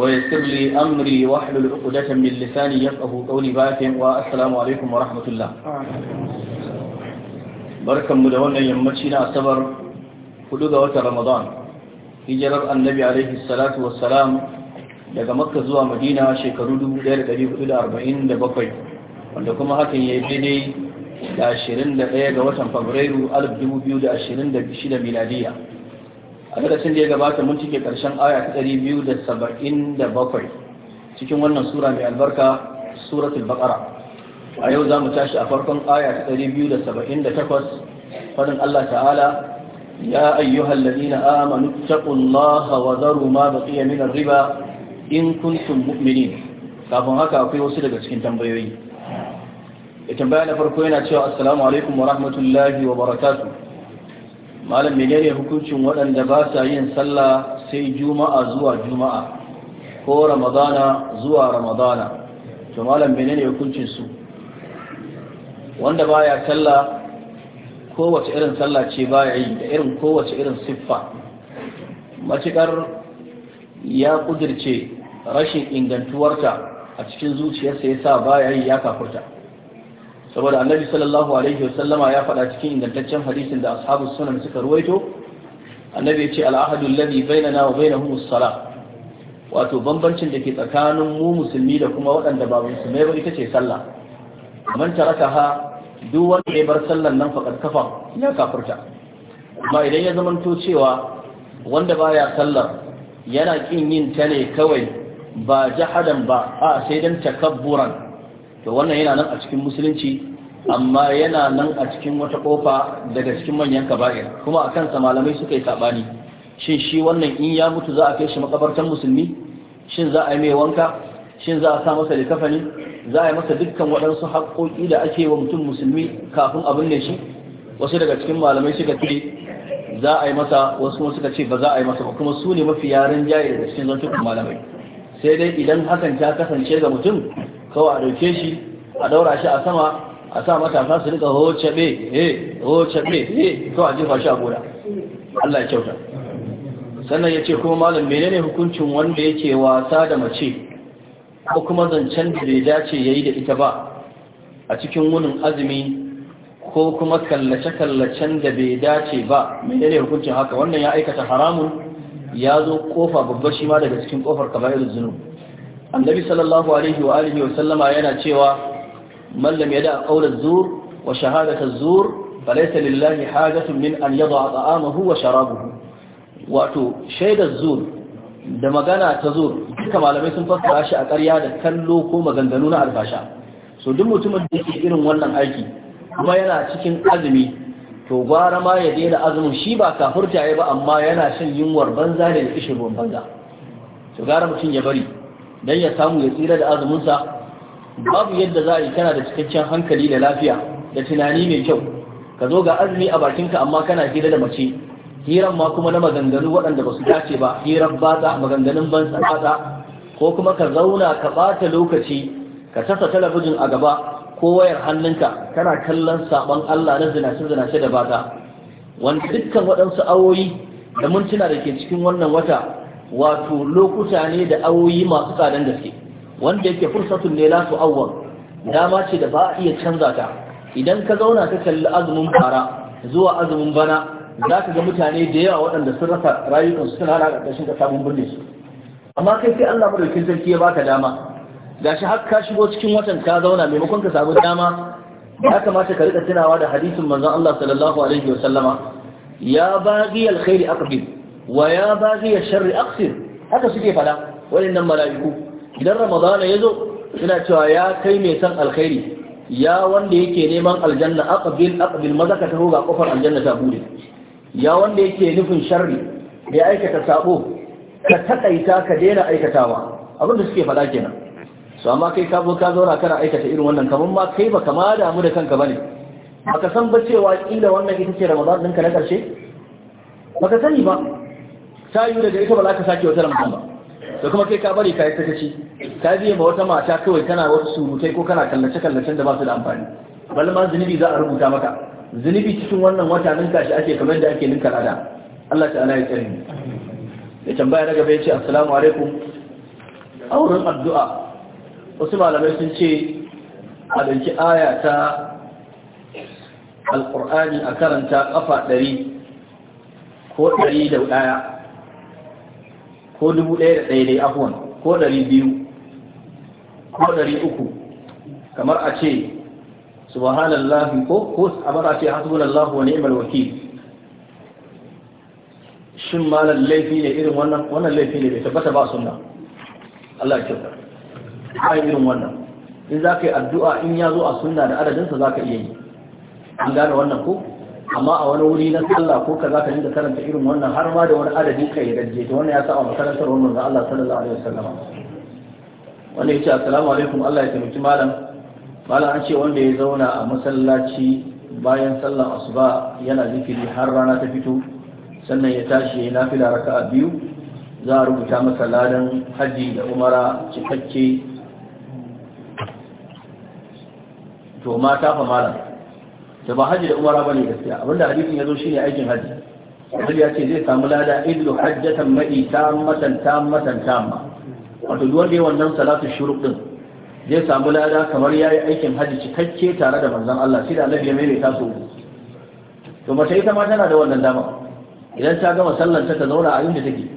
ويسر لي أمري واحلل عقدة من لساني يفقه قولي باك والسلام عليكم ورحمة الله بركة مدونة يمتشنا أصبر حدود رمضان hijirar annabi alaihi salatu wassalam daga makka zuwa madina shekaru bakwai wanda kuma hakan ya yi daidai da 21 ga watan fabrairu 2026 miladiya a darasin da ya gabata mun cike karshen aya ta ɗari biyu da saba'in da bakwai cikin wannan sura mai albarka suratul baqara a yau za mu tashi a farkon aya ta ɗari biyu da saba'in da takwas faɗin allah ta'ala ya ayyuhal ladina amanu taqullaha wa daru ma baqiya min riba in kuntum mu'minin kafin haka akwai wasu daga cikin tambayoyi ya tambaya na farko yana cewa assalamu alaikum wa rahmatullahi wa barakatuh malam menene hukuncin waɗanda ba sa yin sallah sai juma'a zuwa juma'a ko ramadana zuwa ramadana to malam menene hukuncin su wanda ya sallah kowace irin sallah ce ba ya yi da irin kowace irin siffa matuƙar ya kudirce rashin ingantuwarta a cikin zuciyarsa ya sa ya yi ya kafurta saboda annabi sallallahu alaihi wasallama ya faɗa cikin ingantaccen hadisin da ashabu sunan suka ruwaito annabi ya ce al'ahadu alladhi bainana wa bainahum as-salah wato bambancin da ke tsakanin mu musulmi da kuma waɗanda ba musulmai ba ita ce sallah man ha, duk wanda ya bar sallan nan faqad kafa ya kafirta amma idan ya zamanto cewa wanda baya sallar yana kin yin ta ne kawai ba jahadan ba a sai dan takabburan to wannan yana nan a cikin musulunci amma yana nan a cikin wata kofa daga cikin manyan kaba'ir kuma a kansa malamai suka yi sabani shin shi wannan in ya mutu za a kai shi makabartar musulmi shin za a yi mai wanka shin za a sa masa likafani za a yi masa dukkan waɗansu haƙoƙi da ake wa mutum musulmi kafin abin ne shi wasu daga cikin malamai suka tuli za a yi masa wasu kuma suka ce ba za a yi masa ba kuma su ne mafi yaren jaye daga cikin zantukan malamai sai dai idan hakan ta kasance ga mutum kawai a ɗauke shi a ɗaura shi a sama a sa matasa su rika hoce be he hoce to a jifa sha a Allah ya kyauta sannan ya ce kuma malam menene hukuncin wanda yake wasa da mace ko kuma zancen da bai dace yayi da ita ba a cikin wunin azumi ko kuma kallace-kallacen da bai dace ba menene hukuncin haka wannan ya aikata haramun ya zo kofa babbar shi ma daga cikin kofar kabairu zunub annabi sallallahu alaihi wa alihi wa sallama yana cewa من لم يدع قول الزور وشهادة الزور فليس لله حاجة من أن يضع طعامه وشرابه واتو شهد الزور da magana ta zo duka malamai sun fassara shi a ƙarya da kallo ko maganganu na albasha so duk mutumin da yake irin wannan aiki kuma yana cikin azumi to gwara ma ya daina azumin shi ba kafurta ya ba amma yana shan yunwar banza da ya banza to gara mutum ya bari dan ya samu ya tsira da azuminsa babu yadda za a yi kana da cikakken hankali da lafiya da tunani mai kyau ka zo ga azumi a bakinka amma kana hira da mace hiran ma kuma na maganganu waɗanda ba su dace ba hiran batsa maganganun ban tsatsa ko kuma ka zauna ka bata lokaci ka tasa talabijin a gaba ko wayar hannunka kana kallon sabon Allah na zinace zinace da bata wanda dukkan waɗansu awoyi da mintuna da ke cikin wannan wata wato lokuta ne da awoyi masu tsadan gaske wanda yake fursatun ne la tu'awwal dama ce da ba a iya canza ta idan ka zauna ka kalli azumin fara zuwa azumin bana za ka ga mutane da yawa waɗanda sun rasa rayukansu suna hana ƙarƙashin ka sabon su amma kai sai Allah madaukakin sarki ya baka dama gashi har ka shigo cikin watan ka zauna maimakon ka samu dama ya kamata ka rika tunawa da hadisin manzon Allah sallallahu alaihi wa sallama ya baghi alkhairi aqbil wa ya baghi alsharri aqsir haka suke fada waɗannan mala'iku idan ramadana ya zo ina cewa ya kai mai san alkhairi ya wanda yake neman aljanna aqbil aqbil maza ka taho ga kofar aljanna ta bude ya wanda yake nufin sharri ya aikata sabo ka takaita ka daina aikatawa abin da suke faɗa kenan su amma kai ka ka zauna kana aikata irin wannan kamar ma kai ba kama damu da kanka bane baka san ba cewa kila wannan ita ce ramadan ɗinka na ƙarshe baka sani ba ta yi daga ita ba za ka sake wata ramadan ba to kuma kai ka bari ka yi sakaci ka ji ma wata mata kawai kana wasu surutai ko kana kallace kallacen da ba su da amfani bal ma zunubi za a rubuta maka zunubi cikin wannan wata ninka shi ake kamar da ake ninka rada Allah ta'ala ya tsare ya tambaya daga bai ce assalamu alaikum a addu'a wasu malamai sun ce a ɗauki aya ta alqur'ani a karanta kafa ɗari ko ɗari da ɗaya ko dubu ɗaya da ɗaya dai afuwan ko ɗari biyu ko ɗari uku kamar a ce subhanallah ko ko bar a ce hasbunallah wa ni'mal wakil shin malan laifi ne irin wannan wannan laifi ne bai tabbata ba sunna Allah ya kyauta ai irin wannan in za ka yi addu'a in ya zo a sunna da adadinsa za ka iya yi an gane wannan ko amma a wani wuri na sallah ko kaza ka dinga karanta irin wannan har ma da wani adadi ka ya dajje to wannan ya sa makarantar wannan da Allah sallallahu alaihi wasallam wanda yace assalamu alaikum Allah ya taimaki malam malam an ce wanda ya zauna a masallaci bayan sallar asuba yana zikiri har rana ta fito sannan ya tashi ya nafila raka'a biyu za a rubuta masa ladan haji da umara cikakke to mata fa malam da ba hajji da umara bane gaskiya abinda hadisin ya zo shine aikin haji Annabi ya ce zai samu lada illu hajjatan ma'i tammatan tammatan tamma wato duk wanda ya wannan salatu shuruq din zai samu lada kamar yayi aikin haji cikakke tare da manzon Allah shi da Allah ya maimaita su to mace ita ma tana da wannan dama idan ta gama sallar ta zauna a inda take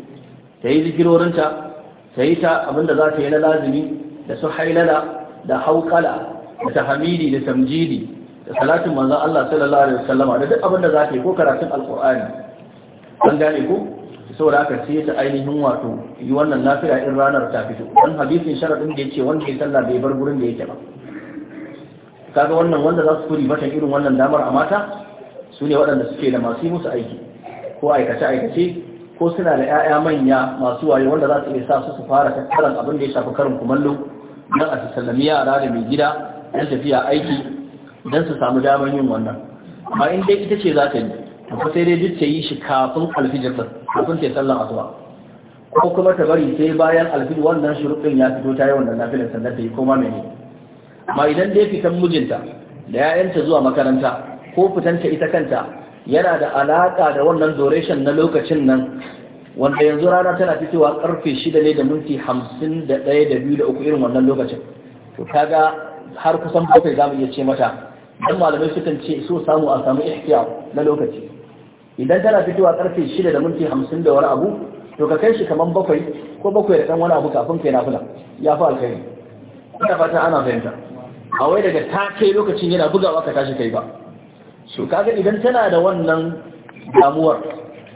ta yi zikirorinta ta yi ta abinda za ta yi na lazimi da su hailala da haukala da tahmidi da tamjidi da salatin manzon Allah sallallahu alaihi wasallama da duk abin da zaka yi ko karatun alqur'ani an gane ko saboda haka sai ta ainihin wato yi wannan lafiya in ranar ta fito An hadisin sharadin da yake wanda ya sallah bai bar gurin da yake ba kaga wannan wanda za su kuri mata irin wannan damar a mata su ne waɗanda suke da masu musu aiki ko aikace aikace ko suna da 'ya'ya manya masu waye wanda za su iya sa su su fara tattalin abin da ya shafi karin kumallo don a sallami yara da mai gida yan tafiya aiki don su samu damar yin wannan amma in dai ita ce za ta yi ko sai dai duk ta yi shi kafin alfijir kafin ta yi sallan asuba ko kuma ta bari sai bayan alfijir wannan shuruɗin ya fito ta yi wannan lafiyar sannan ta yi koma mai amma idan dai fitan mijinta da 'ya'yanta zuwa makaranta ko fitanta ita kanta yana da alaƙa da wannan duration na lokacin nan wanda yanzu rana tana fitowa karfe shida ne da minti hamsin da ɗaya da biyu da uku irin wannan lokacin to kaga har kusan bakwai za mu iya ce mata dan malamai sukan ce so samu a samu ihtiya na lokaci idan tana fitowa karfe 6 da minti 50 da wani abu to ka kai shi kaman bakwai ko bakwai da dan wani abu kafin kai nafila ya fi alkhairi ina fata ana fahimta a wai daga ta kai lokacin yana bugawa ka tashi kai ba so kaga idan tana da wannan damuwar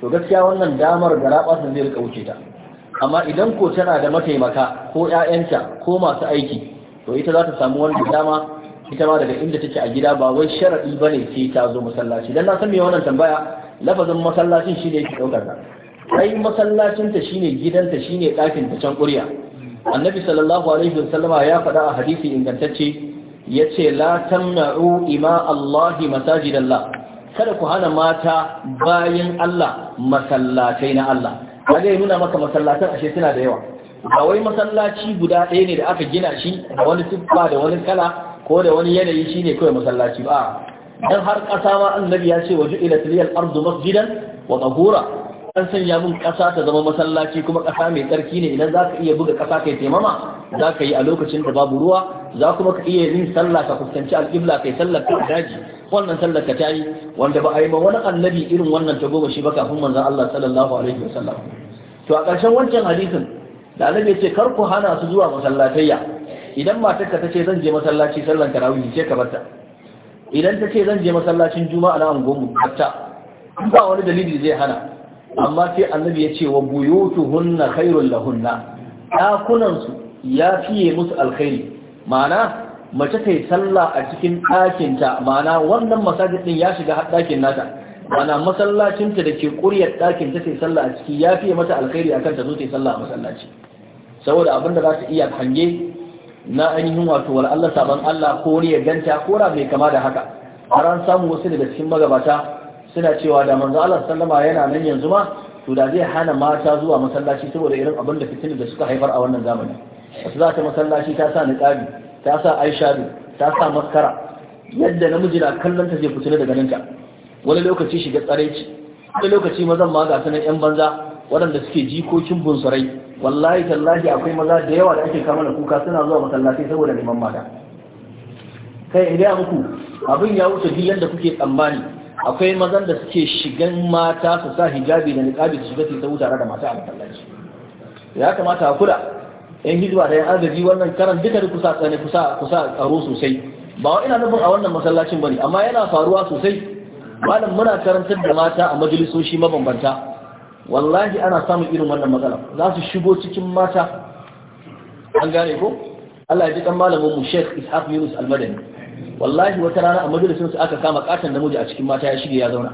to gaskiya wannan damar da rabasan zai rika wuce ta amma idan ko tana da mataimaka ko ƴaƴanta ko masu aiki to ita za ta samu wani dama ita ma daga inda take a gida ba wai sharadi bane sai ta zo masallaci dan na san me wannan tambaya lafazin masallacin shine yake daukar ta ai masallacin ta shine gidanta shine ɗakin ta can annabi sallallahu alaihi ya faɗa a hadisi ingantacce yace la tamna'u ima allahi masajidallah kada ku hana mata bayan Allah masallatai na Allah kaga ya nuna maka masallacin ashe suna da yawa ba wai masallaci guda ɗaya ne da aka gina shi da wani tuffa da wani kala ko da wani yanayi shine kawai masallaci ba Idan har ƙasa ma annabi ya ce waju ila tiliyal ardu masjidan wa tahura an sanya mun ƙasa ta zama masallaci kuma ƙasa mai tsarki ne idan zaka iya buga ƙasa kai taimama zaka yi a lokacin da babu ruwa za kuma ka iya yin sallah ka fuskanci alƙibla kai sallar ka daji wannan sallar ka tayi wanda ba a yi ma wani annabi irin wannan ta goma shi ba kafin manzon Allah sallallahu alaihi wasallam to a ƙarshen wancan hadisin da ya ce kar ku hana su zuwa masallatayya idan matarka ta ce zan je masallaci sallan tarawih ce ka barta idan ta ce zan je masallacin juma'a na angonmu barta ba wani dalili zai hana amma sai annabi ya ce wa buyutuhunna khairul lahunna dakunan su ya fiye musu alkhairi ma'ana mace ta yi sallah a cikin ɗakinta ma'ana wannan masajid din ya shiga har ɗakin nata ma'ana masallacinta da ke ƙuryar ɗakin ta sai sallah a ciki ya fiye mata alkhairi akan ta zo ta yi sallah a masallaci saboda abin da za ta iya hange na ainihin wato wal Allah saban Allah ko ne ya ganta ko da bai kama da haka har an samu wasu daga cikin magabata suna cewa da manzo Allah sallama yana nan yanzu ma to da zai hana mata zuwa masallaci saboda irin abin da fitilu da suka haifar a wannan zamani wasu za ta masallaci ta sa niqabi ta sa aishadu ta sa maskara yadda namiji na kallon ta zai fitilu da ta wani lokaci shiga tsareci wani lokaci mazan ma ga sanan yan banza waɗanda suke jikokin bunsurai wallahi tallahi akwai maza da yawa da ake kama da kuka suna zuwa masallaci saboda neman mata kai in gaya muku abin ya wuce duk da kuke tsammani akwai mazan da suke shigan mata su sa hijabi da niqabi su shiga su ta tare da mata a masallaci ya kamata a kula yan hijira da yan agaji wannan karan duka da kusa tsane kusa kusa tsaro sosai ba wa ina nufin a wannan masallacin bane amma yana faruwa sosai malam muna karantar da mata a majalisoshi mabambanta wallahi ana samun irin wannan matsala za su shigo cikin mata an gane ko Allah ya ji dan malamin mu Sheikh Ishaq Yunus Al-Madani wallahi wata rana a majalisin su aka kama katan namiji a cikin mata ya shige ya zauna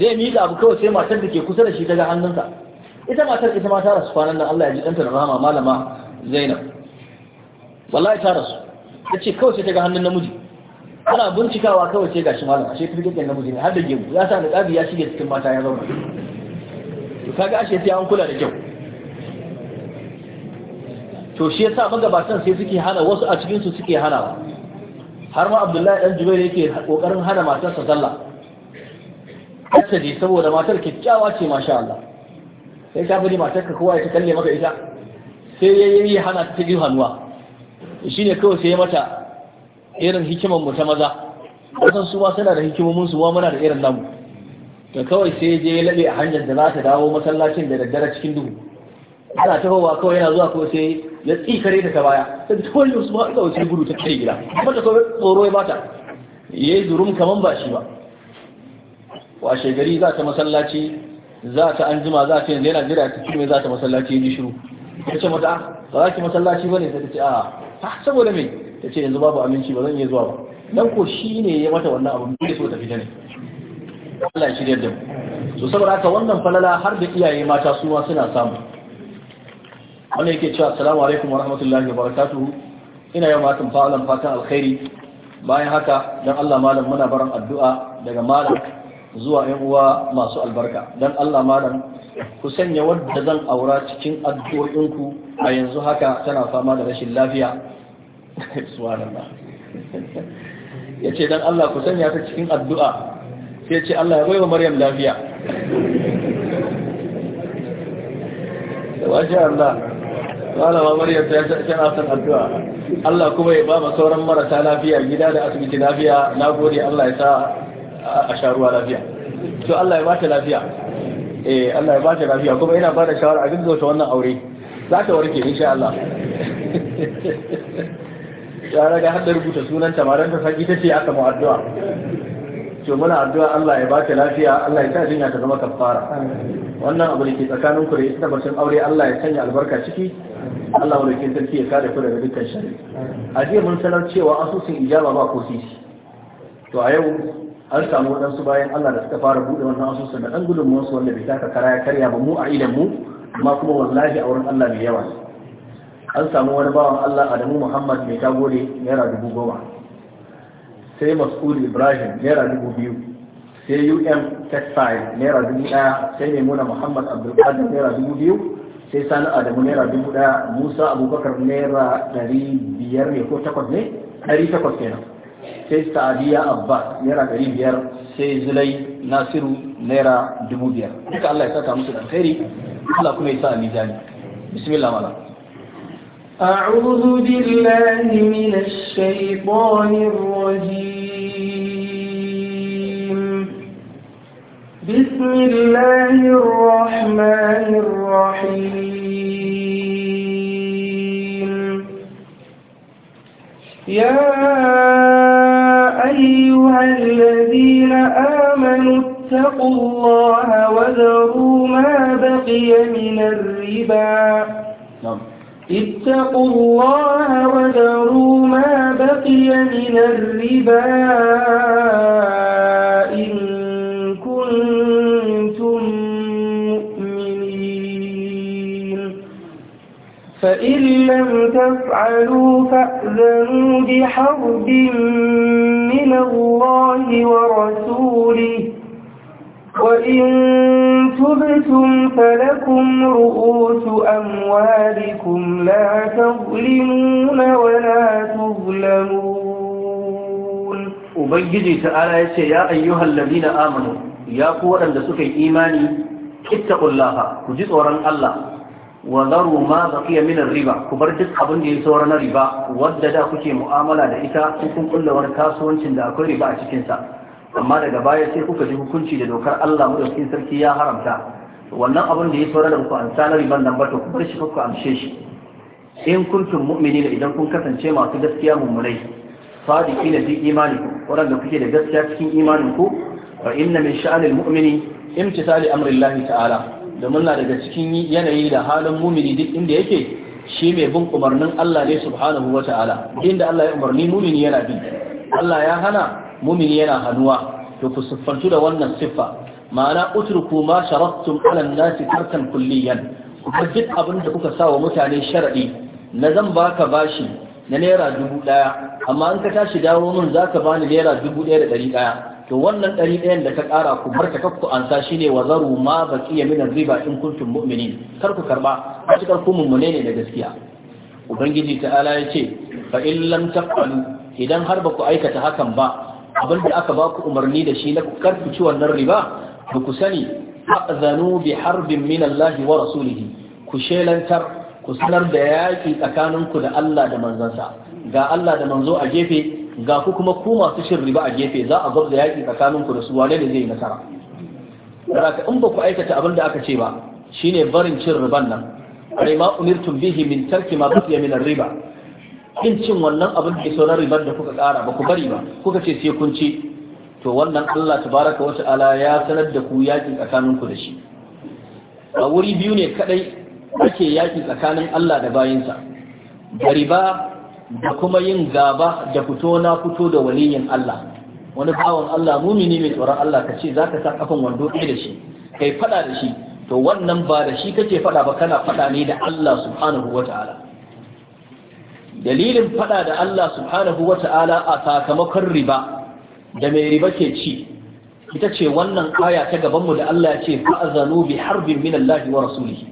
zai miƙa abu kawai sai matar da ke kusa da shi ta ga hannunsa ita matar ita ma ta rasu kwanan nan Allah ya ji danta da rahama malama Zainab wallahi ta rasu ta ce kawai sai ta ga hannun namiji ana bincikawa kawai sai gashi malam ashe firgegen namiji ne har da gemu ya sa niqabi ya shige cikin mata ya zauna to kaga ashe sai an kula da kyau to shi yasa magabatan sai suke hana wasu a cikin su suke hanawa har ma Abdullahi dan Jubair yake kokarin hana matarsa sallah kace dai saboda matar kyakkyawa ce masha Allah sai ka bari ka, kowa ya kalle maka ita sai yayi hana ta ji hannuwa shine kawai sai ya mata irin hikimar mu ta maza wasan su ma suna da hikimomin su ma muna da irin namu to kawai sai je ya labe a hanyar da za ta dawo masallacin da daddare cikin duhu ana tafowa kawai yana zuwa kawai sai ya tsikare da ta baya sai ta kawai su ma ina cikin gudu ta kai gida kuma ta kawai tsoro ya bata yi durum kaman ba shi ba washe gari za ta masallaci za ta an jima za ta yanzu yana jira ta kime za ta masallaci ya ji shiru ya ce mata ah, ba za ki masallaci ba ne sai ta ce a ah, ah, saboda me ya ce yanzu babu aminci ba zan iya zuwa ba dan ko shi ne ya mata wannan abu bude so ta fita ne Allah ya shirya da mu so saboda haka wannan falala har da iyaye mata su ma suna samu wanda yake cewa assalamu alaikum wa rahmatullahi wa barakatuhu ina yau matan fa'alan fatan alkhairi bayan haka dan Allah malam muna baran addu'a daga malam zuwa ƴan uwa masu albarka dan Allah malam ku sanya wadda zan aura cikin addu'o'inku a yanzu haka tana fama da rashin lafiya ya yace dan Allah ku sanya ta cikin addu'a sai ce Allah ya baiwa Maryam lafiya wajen Allah malama Maryam ta tana son addu'a Allah kuma ya ba ma sauran marasa lafiya gida da asibiti lafiya na gode Allah ya sa a sharuwa lafiya to Allah ya ba ta lafiya eh Allah ya ba ta lafiya kuma yana ba da shawara a ta wannan aure za ta warke insha Allah ya raga hada rubuta sunanta tamaran ta saki ta ce aka mu addu'a to muna addu'a Allah ya bata lafiya Allah ya sa jinya ta zama kafara wannan abu da ke tsakanin ku da ita batun aure Allah ya sanya albarka ciki Allah wani ke sarki ya kare ku daga dukkan shari a jiya mun sanar cewa asusun ijaba ba ko sisi to a yau an samu waɗansu bayan Allah da suka fara buɗe wannan asusun da ɗan gudunmuwarsu wanda bai taka kara ya karya ba mu a idan mu amma kuma wallahi a wurin Allah mai yawa ne an samu wani bawan Allah Adamu Muhammad mai tagore naira dubu goma sai Mas'ud Ibrahim naira dubu biyu sai UM Textile naira dubu ɗaya sai Maimuna Muhammad Abdulkadir naira dubu biyu sai Sani Adamu naira dubu ɗaya Musa Abubakar naira dari biyar ne ko takwas ne dari takwas kenan sai Sa'adiya Abbas naira dari biyar sai Zulai Nasiru naira dubu biyar duka Allah ya saka musu da alkhairi Allah kuma ya sa a mizani bismillah malam أعوذ بالله من الشيطان الرجيم بسم الله الرحمن الرحيم يا أيها الذين آمنوا اتقوا الله وذروا ما بقي من الربا نعم اتقوا الله وذروا ما بقي من الربا إن كنتم مؤمنين فإن لم تفعلوا فأذنوا بحرب من الله ورسوله وإن تبتم فلكم رؤوس أموالكم لا تظلمون ولا تظلمون وبيجي تعالى يا أيها الذين آمنوا يا قوة لسك إيماني اتقوا الله كجد ورن الله وذروا ما بقي من الربا كبرت أبن دي سورنا ربا وددا كتي مؤاملة لإتا كنكم كل ورن كاسوان شند أكل ربا أشكين amma daga baya sai kuka ji hukunci da dokar Allah mu sarki ya haramta wannan abin da ya saura da ku an sanar ban nan ba to ku bar shi ku amshe shi in kuntum mu'minina idan kun kasance masu gaskiya mummunai sadiqina fi imanikum wanda kuke da gaskiya cikin imanin ku fa inna min sha'anil mu'mini imtisali amrillahi ta'ala domin na daga cikin yanayi da halin mumini duk inda yake shi mai bin umarnin Allah ne subhanahu wa ta'ala inda Allah ya umarni mumini yana bi Allah ya hana mumini yana hannuwa to ku siffantu da wannan siffa ma'ana utruku ma sharattum ala nasi tarkan kulliyan ku bar duk abin da kuka sa wa mutane sharadi na zan baka bashi na naira dubu daya amma in ka tashi dawo min zaka bani naira dubu daya da dari daya to wannan dari dayan da ka kara ku bar ka kakku an sa shine wa zaru ma baqiya min riba in kuntum mu'minin kar ku karba a cikin ku mummune ne da gaskiya ubangiji ta'ala ya ce fa in lam taqalu idan har ba ku aikata hakan ba abin da aka ba ku umarni da shi na ku ciwon wannan riba ba ku sani azanu bi harbin min Allah wa rasulihi ku shelantar ku sanar da yaƙi tsakaninku da Allah da manzansa ga Allah da manzo a gefe ga ku kuma ku masu shin riba a gefe za a gwabza yaƙi tsakaninku da su wane ne zai nasara Raka in ba ku aikata abin da aka ce ba shine barin cin riban nan. Rima umirtum bihi min tarki ma baqiya min riba in cin wannan abin da sauran ribar da kuka kara ba ku bari ba kuka ce sai kun ci to wannan Allah tabaraka wa ta'ala ya sanar da ku yaki tsakanin ku da shi a wuri biyu ne kadai ake yaki tsakanin Allah da bayinsa da riba da kuma yin gaba da fito na fito da waliyin Allah wani bawan Allah mumini mai tsoron Allah ka ce zaka sa kafan wando ɗaya da shi kai fada da shi to wannan ba da shi kake fada ba kana fada ne da Allah subhanahu wa dalilin fada da Allah subhanahu wata'ala a sakamakon riba da mai riba ke ci ita ce wannan aya ta gabanmu da Allah ya ce fa'azanu bi harbin min Allah wa rasulihi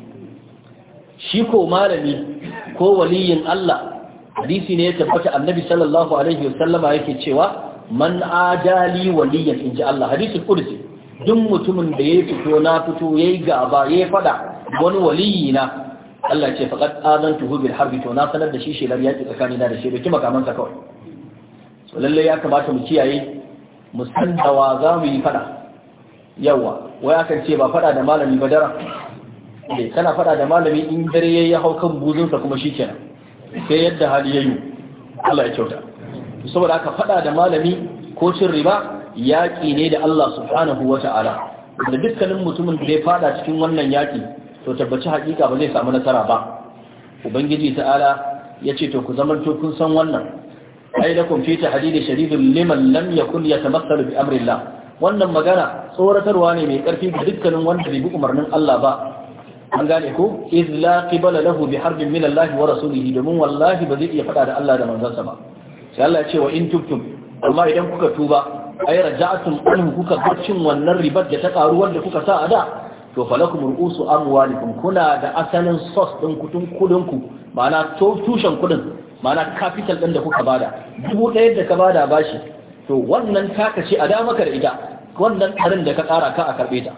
shi ko malami ko waliyin Allah hadisi ne ya tabbata annabi sallallahu alaihi wasallama yake cewa man adali waliyan inji Allah hadisi kursi duk mutumin da ya fito na fito yayi gaba yayi fada wani waliyi na Allah ce faqad tuhu bil harbi to na sanar da shi shelar yaki tsakani na da shi baki makaman sa kawai so lalle ya kamata mu kiyaye mu san dawa za mu yi fada yawa wai akan ce ba fada da malami ba dara eh kana fada da malami in dare yayi ya hau kan buzunsa kuma shikenan sai yadda hali yayi Allah ya kyauta saboda aka fada da malami ko cin riba yaƙi ne da Allah subhanahu wa ta'ala da dukkanin mutumin da ya fada cikin wannan yaƙi to tabbaci hakika ba zai samu nasara ba ubangiji ta'ala ya ce to ku zamanto kun san wannan ai lakum fi tahdid shadidun liman lam yakun yatamassalu bi amrillah wannan magana tsoratarwa ne mai karfi ga dukkanin wanda bai bi umarnin Allah ba an gane ko iz la qibala lahu bi harbin min Allah wa rasulihi domin wallahi ba zai iya fada da Allah da manzansa ba sai Allah ya ce wa in tubtum amma idan kuka tuba ai raja'atum anhu kuka gurcin wannan ribar da ta karu wanda kuka sa a da to falakum ru'usu amwalikum kuna da asalin source din kudin kudin ku ma'ana tushen kudin ma'ana capital din da kuka bada dubu ɗaya da ka bada bashi to wannan taka ce a dama ka da ita wannan karin da ka ƙara ka a karbe ta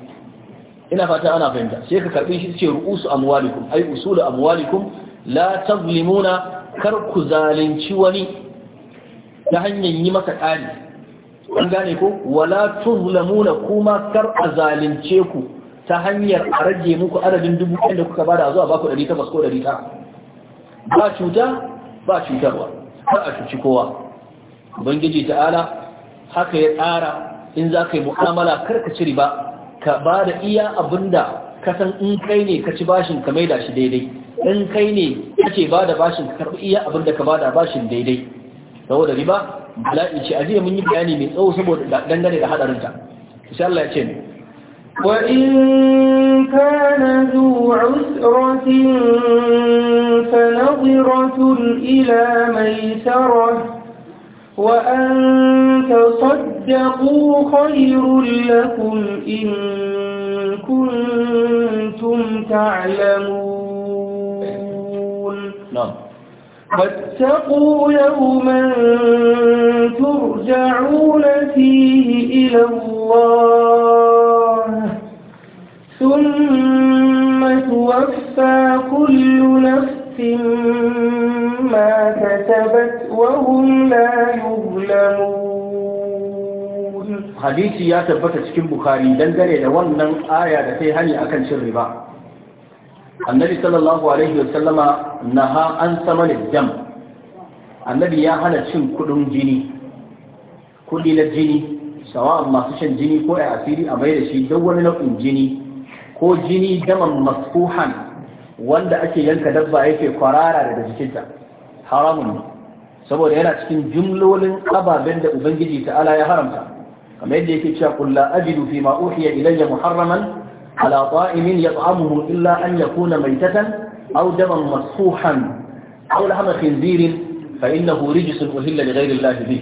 ina fata ana fahimta sai ka karɓi shi ce ru'usu amwalikum ai usulu amwalikum la tazlimuna kar ku zalunci wani ta hanyar yi maka ƙari an gane ko wala tuzlamuna kuma kar a zalunce ku ta hanyar a rage muku adadin dubu ɗin da kuka da zuwa baku ɗari takwas ko ɗari tara ba cuta ba cutarwa har a cuci kowa ubangiji ta'ala haka ya tsara in za ka yi mu'amala kar ka ci riba ka ba da iya abin da ka san in kai ne ka ci bashin ka maida shi daidai in kai ne ka ce ba da bashin ka karɓi iya abin da ka ba da bashin daidai saboda riba bala'i ce a jiya mun yi bayani mai tsawo saboda dangane da haɗarin insha Allah ya ce mu وإن كان ذو عسرة فنظرة إلى ميسرة وأن تصدقوا خير لكم إن كنتم تعلمون نعم واتقوا يوما ترجعون فيه إلى الله ثم توفى كل نفس ما كسبت وهم لا يظلمون حديثي يا تبت cikin Bukhari dangane da wannan aya da sai hani akan cin riba annabi sallallahu alaihi wasallama naha an sama da jam annabi ya hana cin kudin jini kudi na jini sawa'an masu shan jini ko a asiri a mai da shi don wani nau'in jini ko jini daman masfuhan wanda ake yanka dabba yake kwarara daga jikinta haramun ne saboda yana cikin jumlolin ababen da ubangiji ta'ala ya haramta kamar yadda yake cewa kullu ajidu fi ma uhiya ilayya muharraman على طائم يطعمه إلا أن يكون ميتة أو دما مصفوحا أو لحم خنزير فإنه رجس أهل لغير الله به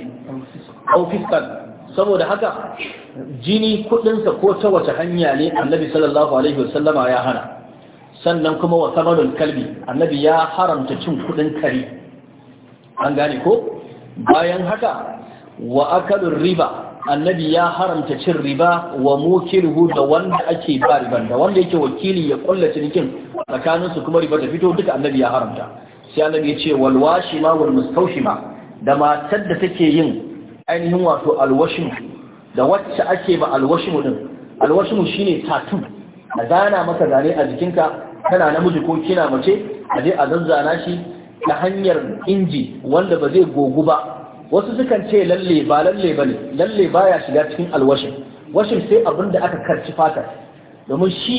أو فسقا saboda haka jini kudinsa ko ta wace hanya ne annabi sallallahu alaihi wasallama ya hana sannan kuma wa samanul kalbi annabi ya haramta cin kudin kari. an gane ko bayan haka wa akalur riba annabi ya haramta cin riba wa mukilhu da wanda ake ba riban da wanda yake wakili ya kulla cinikin tsakanin su kuma riba ta fito duka annabi ya haramta sai annabi ya ce wal ma wal mustawshima da matar da take yin ainihin wato alwashin da wacce ake ba alwashin din alwashin shine tatun. a zana maka zane a jikinka Tana namiji ko kina mace a je a zanzana shi ta hanyar inji wanda ba zai gogu ba wasu sukan ce lalle ba lalle ba ne lalle ba ya shiga cikin alwashin washin sai abin da aka karci fatar domin shi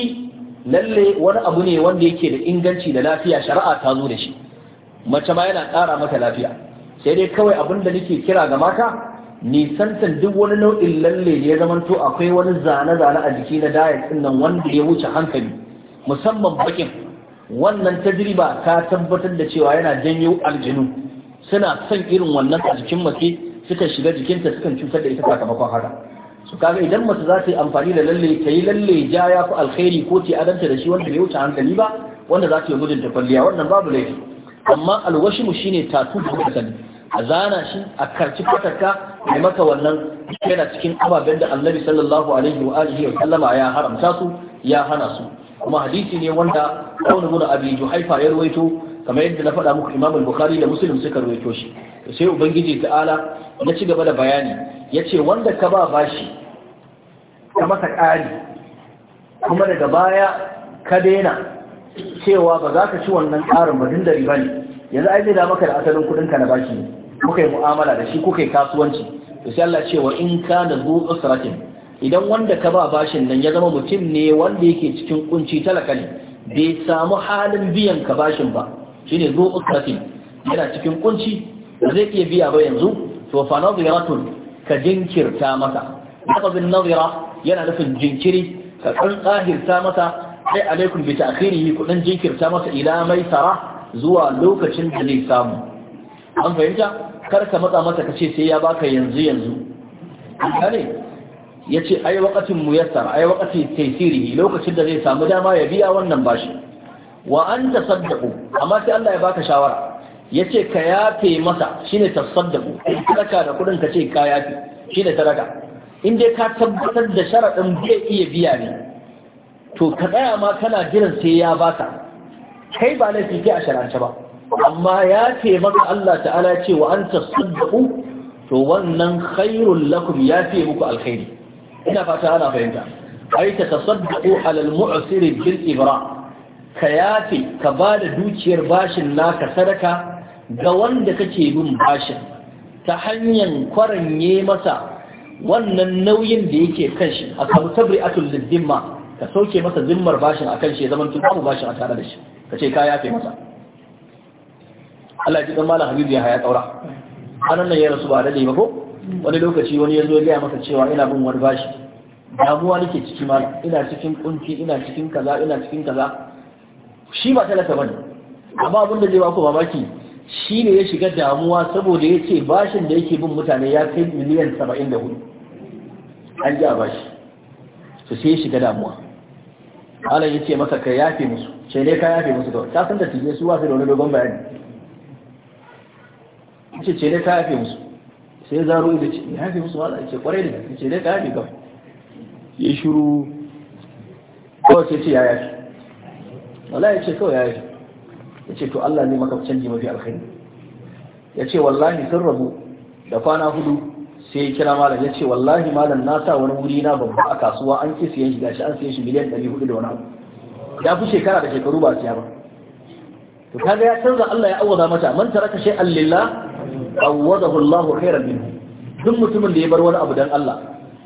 lalle wani abu ne wanda yake da inganci da lafiya shari'a ta zo da shi mace ma yana ƙara mata lafiya sai dai kawai abin da nake kira ga mata nisantan duk wani nau'in lalle da ya zamanto akwai wani zane-zane a jiki na dayar nan wanda ya wuce hankali musamman bakin wannan tajriba ta tabbatar da cewa yana janyo aljinu suna son irin wannan a jikin mace suka shiga jikinta sukan cutar da ita sakamakon haka su kaga idan mace za ta yi amfani da lalle ta yi lalle ja ya fi alkhairi ko ta adanta da shi wanda bai wuce hankali ba wanda za ta yi gudun kwalliya wannan babu laifi amma alwashimu shine tatu da sani a zana shi a karci fatarka mai maka wannan yana cikin ababen da annabi sallallahu alaihi wa alihi wa sallama ya haramta su ya hana su kuma hadisi ne wanda kawai bin abi juhaifa ya ruwaito kamar yadda na faɗa muku Imam Bukhari da Muslim suka rawaito shi sai ubangiji ta'ala ya ci gaba da bayani yace wanda ka ba bashi ka masa ƙari kuma daga baya ka daina cewa ba za ka ci wannan ƙarin ba dindari riba ne yanzu ai zai da maka da asalin kuɗin ka na bashi kuka yi mu'amala da shi kuka yi kasuwanci to sai Allah cewa in ka kana zu usratin idan wanda ka ba bashin nan ya zama mutum ne wanda yake cikin kunci talaka bai samu halin biyan ka bashin ba ne zo usratin yana cikin ƙunci da zai iya biya ba yanzu to fa nadiratun ka jinkirta masa lafazin nadira yana nufin jinkiri ka kan tsahirta masa sai alaikum bi ta'khirihi kudin jinkirta masa ila mai sara zuwa lokacin da zai samu an fahimta kar ka matsa masa kace sai ya baka yanzu yanzu kare yace ai waqatin muyassar ai waqati taysiri lokacin da zai samu dama ya biya wannan bashi wa an tasaddaqu amma sai Allah ya baka shawara yace ka yafe masa shine tasaddaqu sadaka da kudin ka ce ka yafe shine sadaka in dai ka tabbatar da sharadin bai iya biya ne to ka tsaya ma kana jiran sai ya baka kai ba laifi ke a sharance ba amma ya ce maka Allah ta'ala ya ce wa an tasaddaqu to wannan khairul lakum ya ce muku alkhairi ina fata ana fahimta ai ta tasaddaqu alal al-mu'sir bil ibra' ka yafe ka ba da dukiyar bashin naka sadaka ga wanda kake bin bashin ta hanyar kwaranye masa wannan nauyin da yake kan shi a samu tabri atul zimma ka sauke masa zimmar bashin a kan shi zaman tun babu bashin a tare da shi ka ce ka yafe masa Allah ya ji malam Habib ya haya tsaura anan nan ya rasu ba dade ba ko wani lokaci wani yazo ya masa cewa ina bin wani bashi damuwa nake ciki malam ina cikin kunci ina cikin kaza ina cikin kaza shi ba ta talaka bane amma abin da zai ba ku mamaki shi ne ya shiga damuwa saboda ya ce bashin da yake bin mutane ya kai miliyan saba'in da hudu an ji a bashi su sai ya shiga damuwa halin ya ce masa ka yafe musu ce ne ka yafe musu kawai ta san da tije su wasu da wani dogon bayani ce ce ne ka yafe musu sai ya zaro da ce ya yafe musu wala ce kwarai da ce ne ka yafe kawai ya shuru kawai sai ce ya yafe wala ya ce kawai ya yi ya ce to Allah ne maka canji mafi alkhairi ya ce wallahi sun rabu da kwana hudu sai ya kira malam ya ce wallahi malam na sa wani wuri na babba a kasuwa an ke siyan shi gashi an siyan shi miliyan ɗari hudu da wani abu ya fi shekara da shekaru ba siya ba to kaga ya canza Allah ya awwaza mata man taraka shay'an lillah awwadahu Allahu khairan minhu duk mutumin da ya bar wani abu dan Allah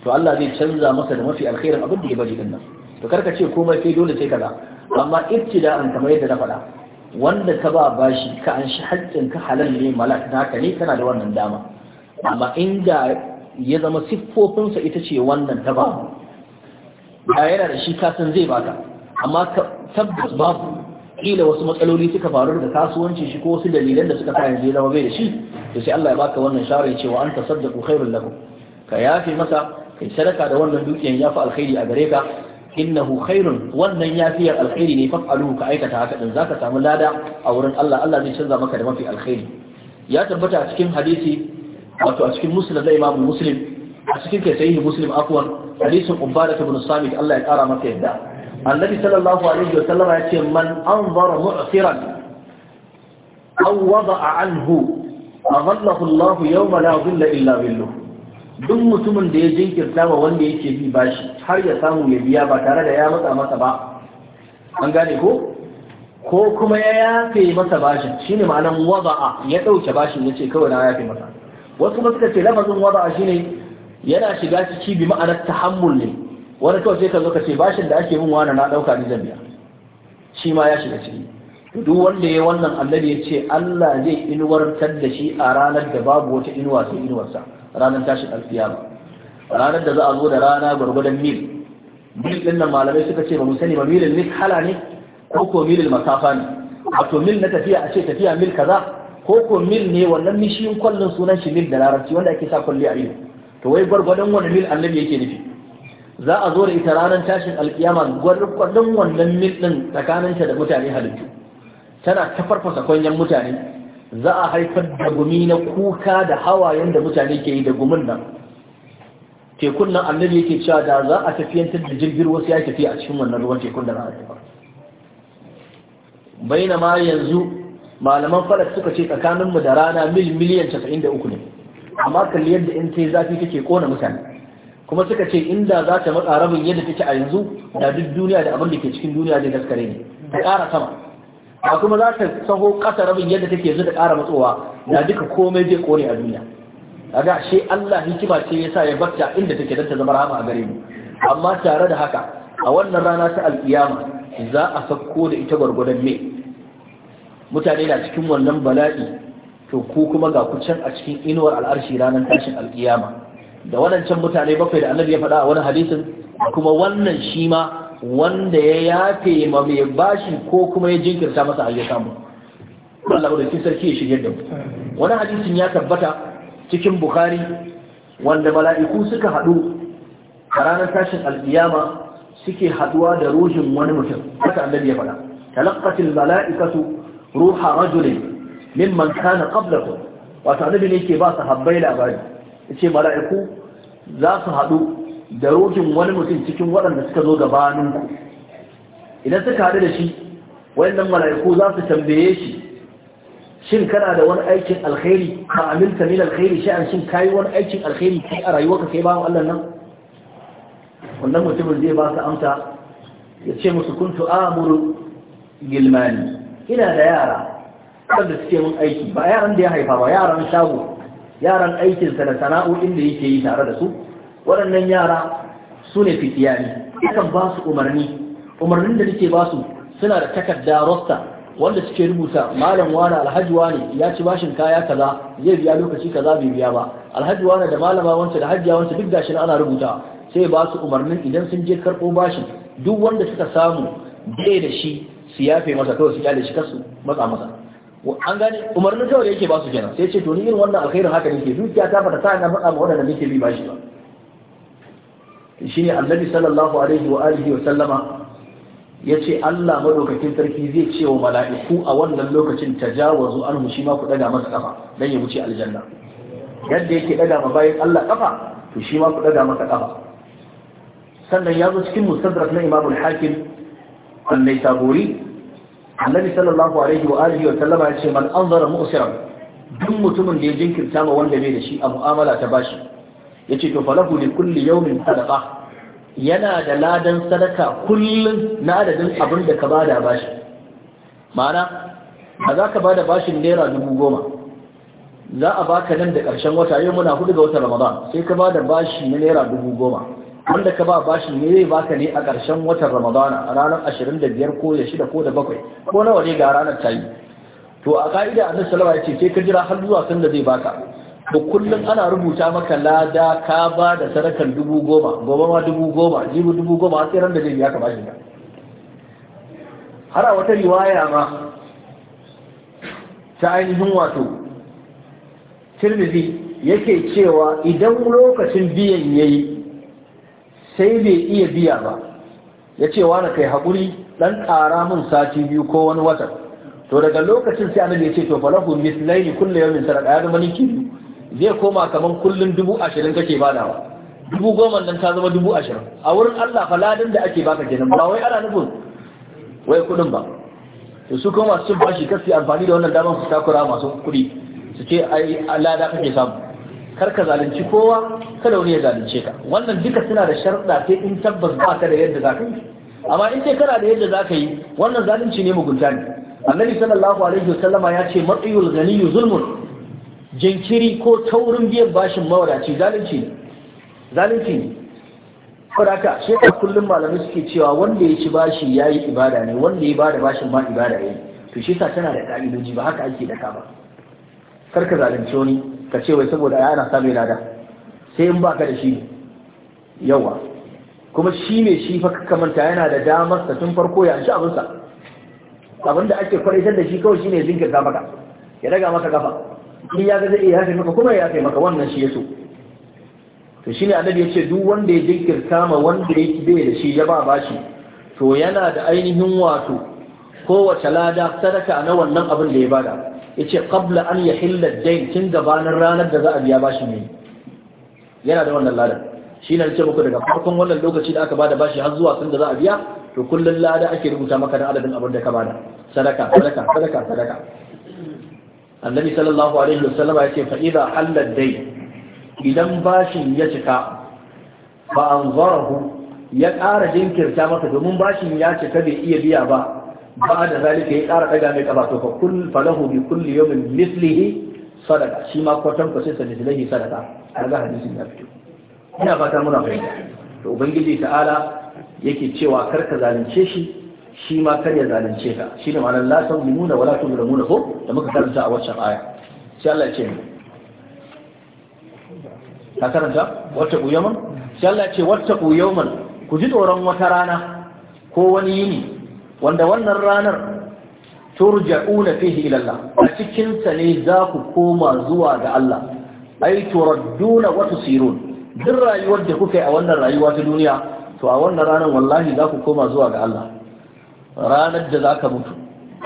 to Allah zai canza masa da mafi alkhairin abin da ya bari din nan to karka ce komai sai dole sai kaza amma ibtida'an kamar yadda na faɗa wanda ka ba bashi ka an shi haƙƙin ka halal ne malak naka ne kana da wannan dama amma inda ya zama siffofinsa ita ce wannan ta babu ba yana da shi kasan zai baka amma tabbas babu kila wasu matsaloli suka faru da kasuwanci shi ko wasu dalilan da suka sa yanzu ya zama bai da shi to sai Allah ya baka wannan shawara cewa an tasaddaqu khairul lakum ka yafi masa kai sadaka da wannan dukiyan yafi alkhairi a gare ka innahu khairun wannan yafiyar alkhairi ne fa'aluhu ka aikata haka din zaka samu lada a wurin Allah Allah zai canza maka da mafi alkhairi ya tabbata a cikin hadisi wato a cikin muslim da imamu muslim a cikin kai sahihi muslim afwan hadisin ubada ibn samit Allah ya kara maka yadda annabi sallallahu alaihi wa sallam ya ce man anzara mu'siran aw wada'a anhu adallahu Allah yawma la dhilla illa billah duk mutumin da ya jinkirta wa wanda yake bi bashi har ya samu ya biya ba tare da ya matsa masa ba an gane ko ko kuma ya yafe masa bashin shine ma'anan wada'a ya dauke bashin yace kawai na yafe masa wasu ba suka ce lafazin wada'a shine yana shiga ciki bi ma'anar tahammul ne wani kawai sai ka zo ka ce bashin da ake min wani na dauka ni zan biya shi ma ya shiga ciki duk wanda ya wannan annabi ya ce Allah zai inuwartar da shi a ranar da babu wata inuwa sai inuwarsa ranar tashin alkiyama ranar da za a zo da rana gwargwadon mil mil din nan malamai suka ce ba mu sani ba milin mil hala ne ko ko milin masafa ne wato mil na tafiya a ce tafiya mil kaza ko ko mil ne wannan mishiyin kwallon sunan shi mil da larabci wanda ake sa kwalli a ido to wai gwargwadon wani mil annabi yake nufi za a zo da ita ranar tashin alkiyama gwargwadon wannan mil din tsakaninta da mutane halittu tana ta farfasa kwanyen mutane za a haifar da gumi na kuka da hawayen da mutane ke yi da gumin nan tekun nan annabi yake cewa da za a tafiyantar da jirgin wasu ya tafi a cikin wannan ruwan tekun da za a tafi baina ma yanzu malaman falak suka ce tsakaninmu da rana mil miliyan 93 ne amma kalli yadda in ta zafi take kona mutane kuma suka ce inda za ta matsa rabin yadda take a yanzu da duk duniya da abin da ke cikin duniya da daskare ne ta ƙara sama ba kuma za ta taho ƙasa rabin yadda take yanzu ta ƙara matsowa na duka komai zai kore a duniya kaga shi Allah hikima ce ya sa ya bakta inda take don ta zama rahama a gare mu amma tare da haka a wannan rana ta alƙiyama za a sakko da ita gwargwadon me mutane na cikin wannan bala'i to ku kuma ga ku can a cikin inuwar al'arshi ranar tashin alƙiyama da can mutane bakwai da annabi ya faɗa a wani hadisin kuma wannan shi ma wanda ya yafe ma mai bashi ko kuma ya jinkirta masa har samu Allah da sarki ya da mu wani hadisin ya tabbata cikin Bukhari wanda mala'iku suka hadu a ranar tashin alkiyama suke haduwa da ruhin wani mutum haka annabi ya faɗa talaqqatil mala'ikatu ruha rajulin mimman kana qablakum wato annabi ne ke ba sahabbai labari yace mala'iku za su hadu da ruhin wani mutum cikin waɗanda suka zo gabaninku idan suka haɗu da shi wayannan mala'iku za su tambaye shi shin kana da wani aikin alkhairi ka aminta min alkhairi sha'an shin kai wani aikin alkhairi kai a rayuwarka kai ba Allah nan wannan mutumin zai ba su amsa ya ce musu kuntu amuru gilmani ina da yara wanda suke mun aiki ba yaran da ya haifa ba yaran shago yaran aikinsa da sana'o'in da yake yi tare da su waɗannan yara su ne ne. akan ba su umarni umarnin da nake ba su suna da takarda rosta wanda suke rubuta malam wani alhaji wani ya ci bashin kaya kaza zai biya lokaci kaza bai biya ba alhaji wani da malama wancan da hajjiya wancan duk gashi ana rubuta sai ba su umarnin idan sun je karɓo bashin duk wanda suka samu bai da shi su yafe masa kawai su kyale shi kasu matsa masa an gane umarnin kawai da yake ba su kenan sai ce to ni irin wannan alkhairin haka nake dukiya ta fata ta ina matsa ma wanda nake bi bashi ba shine annabi sallallahu alaihi wa alihi wa sallama yace Allah madaukakin sarki zai ce wa mala'iku a wannan lokacin tajawazu anhu shi ma ku daga masa kafa dan ya wuce aljanna yadda yake daga ma bayan Allah kafa to shi ma ku daga masa kafa sannan ya zo cikin mustadrak na Imam al-Hakim an-Naisaburi annabi sallallahu alaihi wa alihi wa sallama yace man anzara mu'siran duk mutumin da ya jinkirta ma wanda bai da shi a mu'amala ta bashi Ya ce to falahu li kulli yawmin sadaqa yana da ladan sadaka kullum na adadin abin da ka bada bashi ma'ana a za ka bada bashin naira dubu goma za a baka nan da ƙarshen wata yau muna hudu ga watan ramadan sai ka bada bashi na naira dubu goma wanda ka ba bashi ne zai baka ne a ƙarshen watan ramadan a ranar ashirin da biyar ko da shida ko da bakwai ko nawa ne ga ranar tayi to a ka'ida annabi sallallahu alaihi ya ce sai ka jira har zuwa sanda zai baka da kullum ana rubuta maka lada ka ba da sarakar dubu goma gobe ma dubu goma jibu dubu goma a tseren da zai biya ka bashi ka har a wata riwaya ma ta ainihin wato tirmidhi yake cewa idan lokacin biyan yayi sai bai iya biya ba ya ce wani kai haƙuri ɗan ƙara min sati biyu ko wani watan to daga lokacin sai annabi ya ce to falahu mislaini kullu yawmin sadaqa ya zama maliki? zai koma kamar kullum dubu ashirin kake badawa dubu goma nan ta zama dubu ashirin a wurin Allah faladin da ake baka kenan ba wai ana nufin wai kudin ba to su koma masu cin bashi kasi amfani da wannan damar su takura masu kudi su ce ai lada kake samu kar ka zalunci kowa kada wani ya zalunce ka wannan duka suna da sharuɗa sai in tabbas ba ka da yadda za ka yi amma in ce kana da yadda za ka yi wannan zalunci ne mugunta ne annabi sallallahu alaihi wasallama ya ce matsayul ganiyu zulmun jinkiri ko taurin biyan bashin mawadaci zalunci zalunci ne shi ka kullum malamai suke cewa wanda ya ci bashi ya yi ibada ne wanda ya bada bashin ma ibada ya yi to shi sa tana da ka'idoji ba haka ake daka ba kar zalunci wani ka ce wai saboda ya ana samun lada sai in baka da shi yawa kuma shi ne shi fa kamanta yana da damar sa tun farko ya ci abinsa abinda ake kwaraitar da shi kawai shine zinkirta ya daga maka kafa in ya ga zai iya yafe maka kuma ya yafe maka wannan shi ya so to ne annabi ya ce duk wanda ya jinkirta ma wanda ya bai da shi ya ba bashi to yana da ainihin wato kowace lada sadaka na wannan abin da ya bada Ya ce qabla an ya ad-dayn tun gabanin ranar da za a biya shi ne yana da wannan lada. shi ne ce muku daga farkon wannan lokaci da aka bada bashi har zuwa tun da za a biya to kullum lada ake rubuta maka da adadin abin da ka bada sadaka sadaka sadaka sadaka annabi sallallahu alaihi wasallam ya ce fa idza halad dai idan bashin ya cika fa anzarahu ya ƙara jinkirta masa domin bashin ya cika bai iya biya ba ba da zalika ya ƙara ɗaga mai ƙafa to fa kul falahu bi kulli yawmin mislihi sadaka shi ma kwatan ko sai sa mislihi sadaka a ga hadisin ya fito ina fata muna fahimta to ubangiji ta'ala yake cewa karka zalunce shi shi ma kar ya zalunce ka shi ne ma'anar la san tazlimuna wala tuzlamuna ko da muka karanta a waccan aya sai Allah ya ce ka karanta wata yawman sai Allah ya ce wata yawman ku ji tsoron wata rana ko wani yini wanda wannan ranar turja'una fihi ila Allah a cikin sa ne za ku koma zuwa ga Allah ai turadduna wa tusirun duk rayuwar da kuka yi a wannan rayuwa ta duniya to a wannan ranar wallahi za ku koma zuwa ga Allah ranar da za ka mutu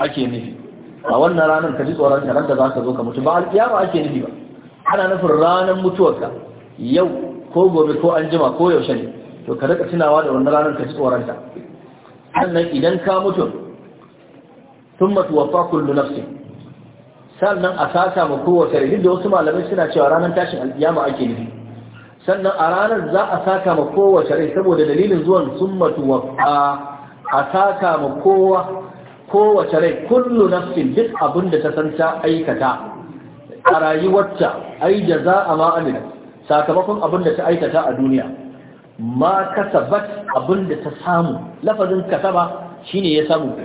ake nufi a wannan ranar ka ji tsoron ranar da za ka zo ka mutu ba alkiyama ake nufi ba ana nufin ranar mutuwarka yau ko gobe ko an jima ko yaushe ne to ka rika tunawa da wannan ranar ka ji tsoron ka sannan idan ka mutu wa fakul kullu nafsi sannan a sata ma kowace rai da wasu malamai suna cewa ranar tashin alkiyama ake nufi sannan a ranar za a sata ma kowace rai saboda dalilin zuwan sun thumma fa. a saka ma kowa kowace rai kullu nafsin duk abin da ta san ta aikata a rayuwarta ai a ma amina sakamakon abin da ta aikata a duniya ma kasabat abin da ta samu lafazin kasaba shine ya samu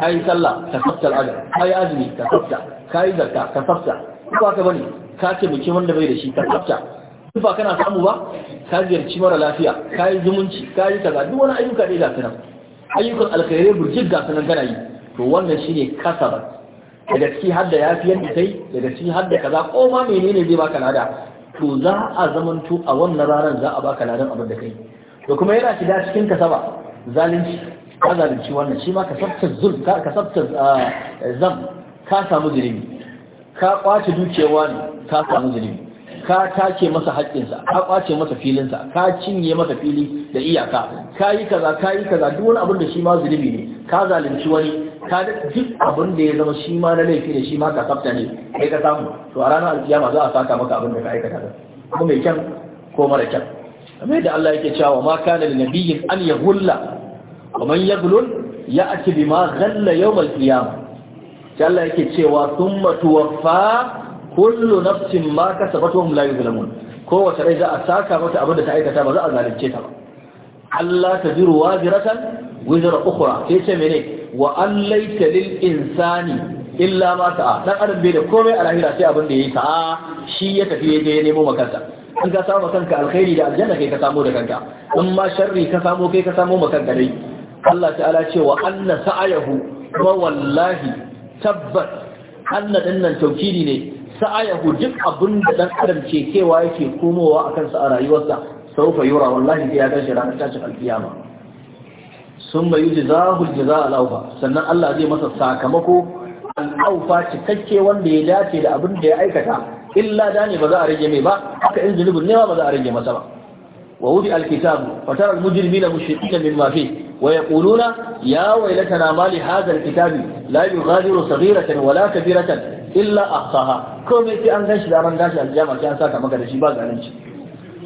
kai sallah ka kasabta al'adar kai azumi kasabta kai zakka kasabta ko ka bane ka ce miki wanda bai da shi ka kasabta ba kana samu ba ka ziyarci mara lafiya ka yi zumunci ka yi kaza duk wani ayyuka dai da sanan ayyukan alkhairai burjik ga sunan gana yi to wannan shine kasar daga ciki har da yafiyar da kai daga ciki har da kaza ko ma menene zai baka lada to za a zamanto a wannan ranar za a baka ladan abin da kai to kuma yana shiga cikin kasaba zalunci ka zalunci wannan shi ma kasabtar zul ka kasabtar ah, zam ka samu zulmi ka kwace dukiyawa ne ka samu zulmi ka take masa haƙƙinsa ka ƙwace masa filinsa ka cinye masa fili da iyaka ka yi kaza ka yi kaza duk wani abin da shi ma zunubi ne ka zalunci wani ka duk abin da ya zama shi ma na laifi ne shi ma ka tsafta ne kai ka samu to a ranar alkiyama za a saka maka abin da ka aikata ka ko mai kyan ko mara kyan kamar da Allah yake cewa ma kana lil nabiyyi an yahulla wa man yaghlul ya'ti bima ghalla yawm al-qiyamah Allah yake cewa thumma tuwaffa kullu nafsin ma kasabat wa hum la yuzlamun kowace rai za a saka mata abin da ta aikata ba za a zalunce ta ba Allah ta jiru waziratan wizra ukhra sai ce mene wa an laita lil insani illa ma sa'a dan adam bai da komai a lahira sai abin da yayi sa'a shi ya tafi ya je ya nemo makansa in ka samu kanka alkhairi da aljanna kai ka samu da kanka in ma sharri ka samu kai ka samu makanka dai Allah ta'ala ce wa anna sa'ayahu wa wallahi tabbat anna dinnan taukidi ne sa'ayahu duk abin da dan adam ce kewa yake komowa a kansa a rayuwarsa fa yura wallahi sai ya tashi ranar tashin alkiyama sun bayu jizahu jiza al'aufa sannan Allah zai masa sakamako al'aufa cikakke wanda ya dace da abin da ya aikata illa da ne ba za a rage mai ba haka in zunubin nema ba za a rage masa ba wa alkitab fatarar tara almujrimina mushfiqina mimma fi wa yaquluna ya waylatana mali hadha alkitab la yughadiru saghiratan wala kabiratan illa ahsaha komai sai an ganshi da ran gashi aljama sai an saka maka da shi ba zalunci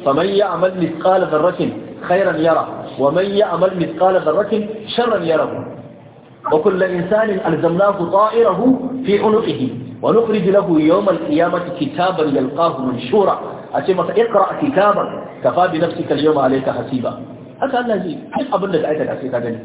faman ya'mal mithqala dharratin khairan yara wa man ya'mal mithqala dharratin sharran yara wa kullu insanin alzamnahu ta'irahu fi unuqihi wa nukhrij lahu yawm alqiyamati kitaban yalqahu manshura ace maka iqra kitaban kafa bi nafsika alyawma alayka hasiba haka Allah ji duk abin da ka aikata sai ka gani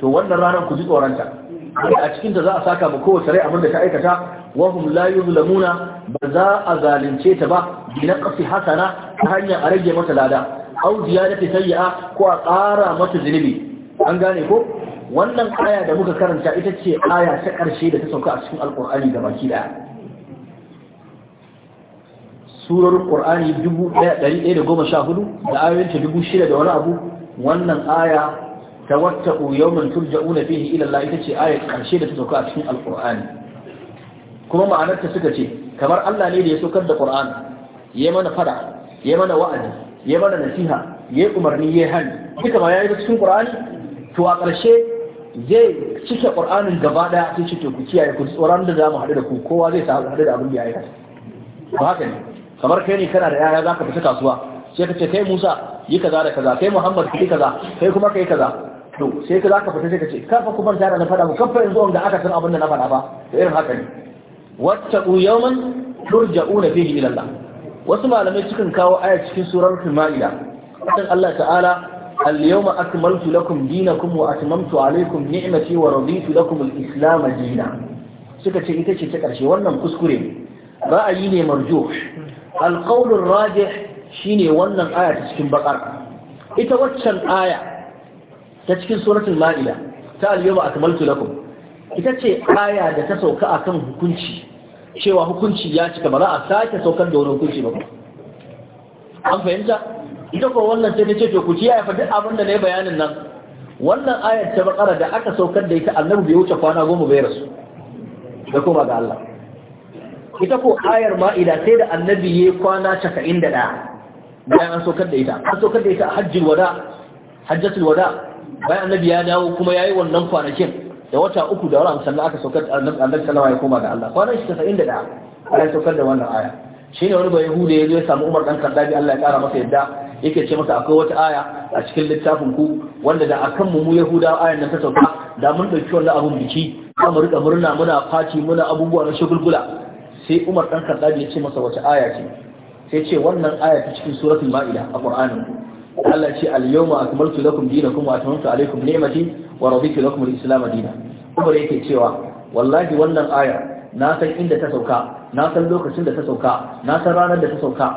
to wannan ranar ku ji tsoronta a cikin ta za a saka ma kowace rai abinda ta aikata wa hum la yuzlamuna ba za a zalunce ta ba bi naqsi hasana ta hanyar a rage mata lada au ziyadati sayyi'a ko a ƙara mata zunubi an gane ko wannan aya da muka karanta ita ce aya ta ƙarshe da ta sauka a cikin alƙur'ani ga baki ɗaya surar ƙur'ani 1114 da ayoyinta 6,000 da wani abu wannan aya tawatta'u yawman turja'una fihi ila Allah ita ce ayat karshe da ta sauka a cikin alqur'ani kuma ma'anar ta suka ce kamar Allah ne da ya saukar da qur'ani ya mana fada ya mana wa'azi ya mana nasiha ya umarni ya hani duka ma yayi cikin qur'ani to a karshe zai cike qur'anin gaba daya sai ce to ku kiyaye ku tsoron da zamu haɗu da ku kowa zai sa haɗu da abin da ya aikata ba haka ne kamar kai ne kana da yaya zaka fita kasuwa sai ka ce kai Musa yi kaza da kaza kai Muhammad kai kaza kai kuma kai kaza to sai ka zaka fita sai ka ce kafa kuma da na fada mu kafa yanzu wanda aka san abin da na fada ba da irin haka ne Wata yawman turja'una fihi ila wasu malamai cikin kawo aya cikin surar Maida dan Allah ta'ala al-yawma akmaltu lakum dinakum wa atmamtu alaykum ni'mati wa raditu lakum al-islam suka ce ita ce ta karshe wannan kuskure ra'ayi ne marjuh al-qawl ar-rajih shine wannan aya ta cikin bakar ita waccan aya ta cikin suratul ma'ida ta al-yawma akmaltu lakum ita ce aya da ta sauka akan hukunci cewa hukunci ya cika ba za a sake saukar da wani hukunci ba an fahimta ita ko wannan sai ta ce to ku ji ya faɗi abin da na yi bayanin nan wannan ayar ta bakara da aka saukar da ita annabi bai wuce kwana goma bai rasu da kuma ga Allah ita ko ayar ma'ida sai da annabi ya kwana 91 bayan an saukar da ita an saukar da ita a hajjil wada hajjatul wada bayan annabi ya dawo kuma yayi wannan kwanakin da wata uku da wani sannan aka saukar annabi sallama ya koma ga Allah kwanan shi da ana saukar da wannan aya Shi ne wani bai hude yazo ya samu Umar dan Kaddabi Allah ya kara masa yadda yake ce masa akwai wata aya a cikin littafin ku wanda da akan mu mu Yahuda ayan nan ta sauka da mun dauki wannan abun biki mu rika murna muna fati muna abubuwa na shugulgula. sai Umar dan Kaddabi ya ce masa wata aya ce sai ce wannan aya ta cikin suratul Ma'ida a Qur'anin Allah ce al-yawma akmaltu lakum dinakum wa atmamtu alaykum ni'mati wa raditu lakum al-islam dinan Umar yake cewa wallahi wannan aya na san inda ta sauka na san lokacin da ta sauka na san ranar da ta sauka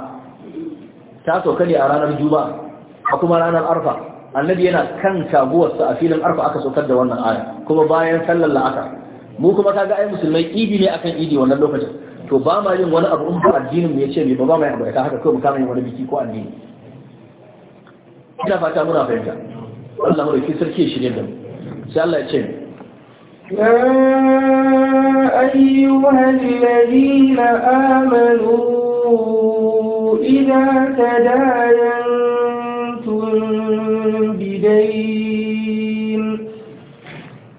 ta sauka ne a ranar juma'a a kuma ranar arfa annabi yana kan shaguwar taguwarsa a filin arfa aka saukar da wannan aya kuma bayan sallar la'asar mu kuma kaga ai musulmai idi ne akan idi wannan lokacin to ba ma yin wani abu in ba addinin mu yace me ba ba mai abu haka kawai mu kama yin wani biki ko addini ina fata muna fahimta Allah mu rike sarki shi ne da sai Allah ya ce ya ayyuhal ladina amanu idza tadayantum bidayn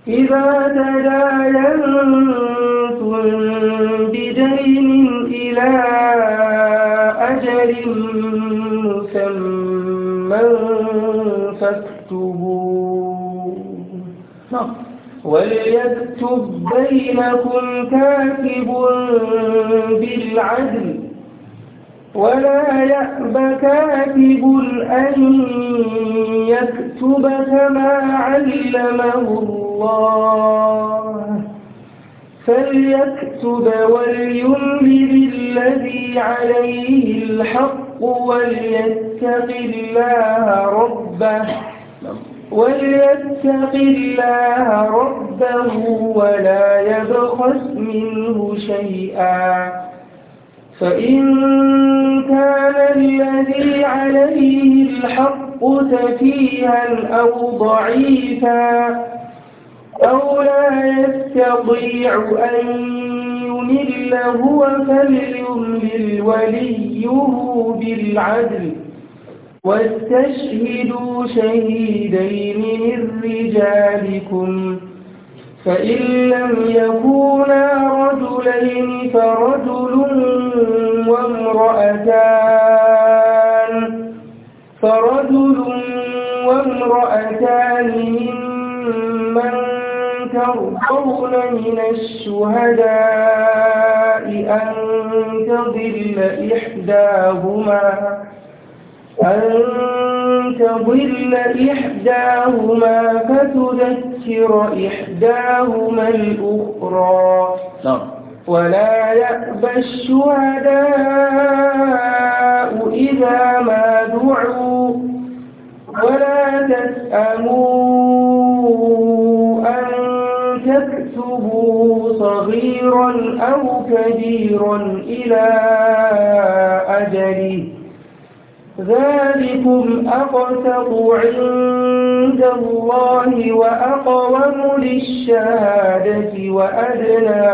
idza tadayantum bidayn ila ajalin musamman فاكتبوه نعم. وليكتب بينكم كاتب بالعدل ولا يأب كاتب أن يكتب كما علمه الله فليكتب وليملل الذي عليه الحق وليتق الله ربه وليتق الله ربه ولا يبخس منه شيئا فإن كان الذي عليه الحق تفيها أو ضعيفا أو لا يستطيع أن يضلل هو فليملل وليه بالعدل واستشهدوا شهيدين من رجالكم فإن لم يكونا رجلين فرجل وامرأتان فرجل وامرأتان ممن ترضون من الشهداء أن تضل إحداهما أن تضل إحداهما فتذكر إحداهما الأخرى نعم ولا يأبى الشهداء إذا ما دعوا ولا تسأمون صغيرا أو كبيرا إلى أجله ذلكم أقسط عند الله وأقوم للشهادة وأدنى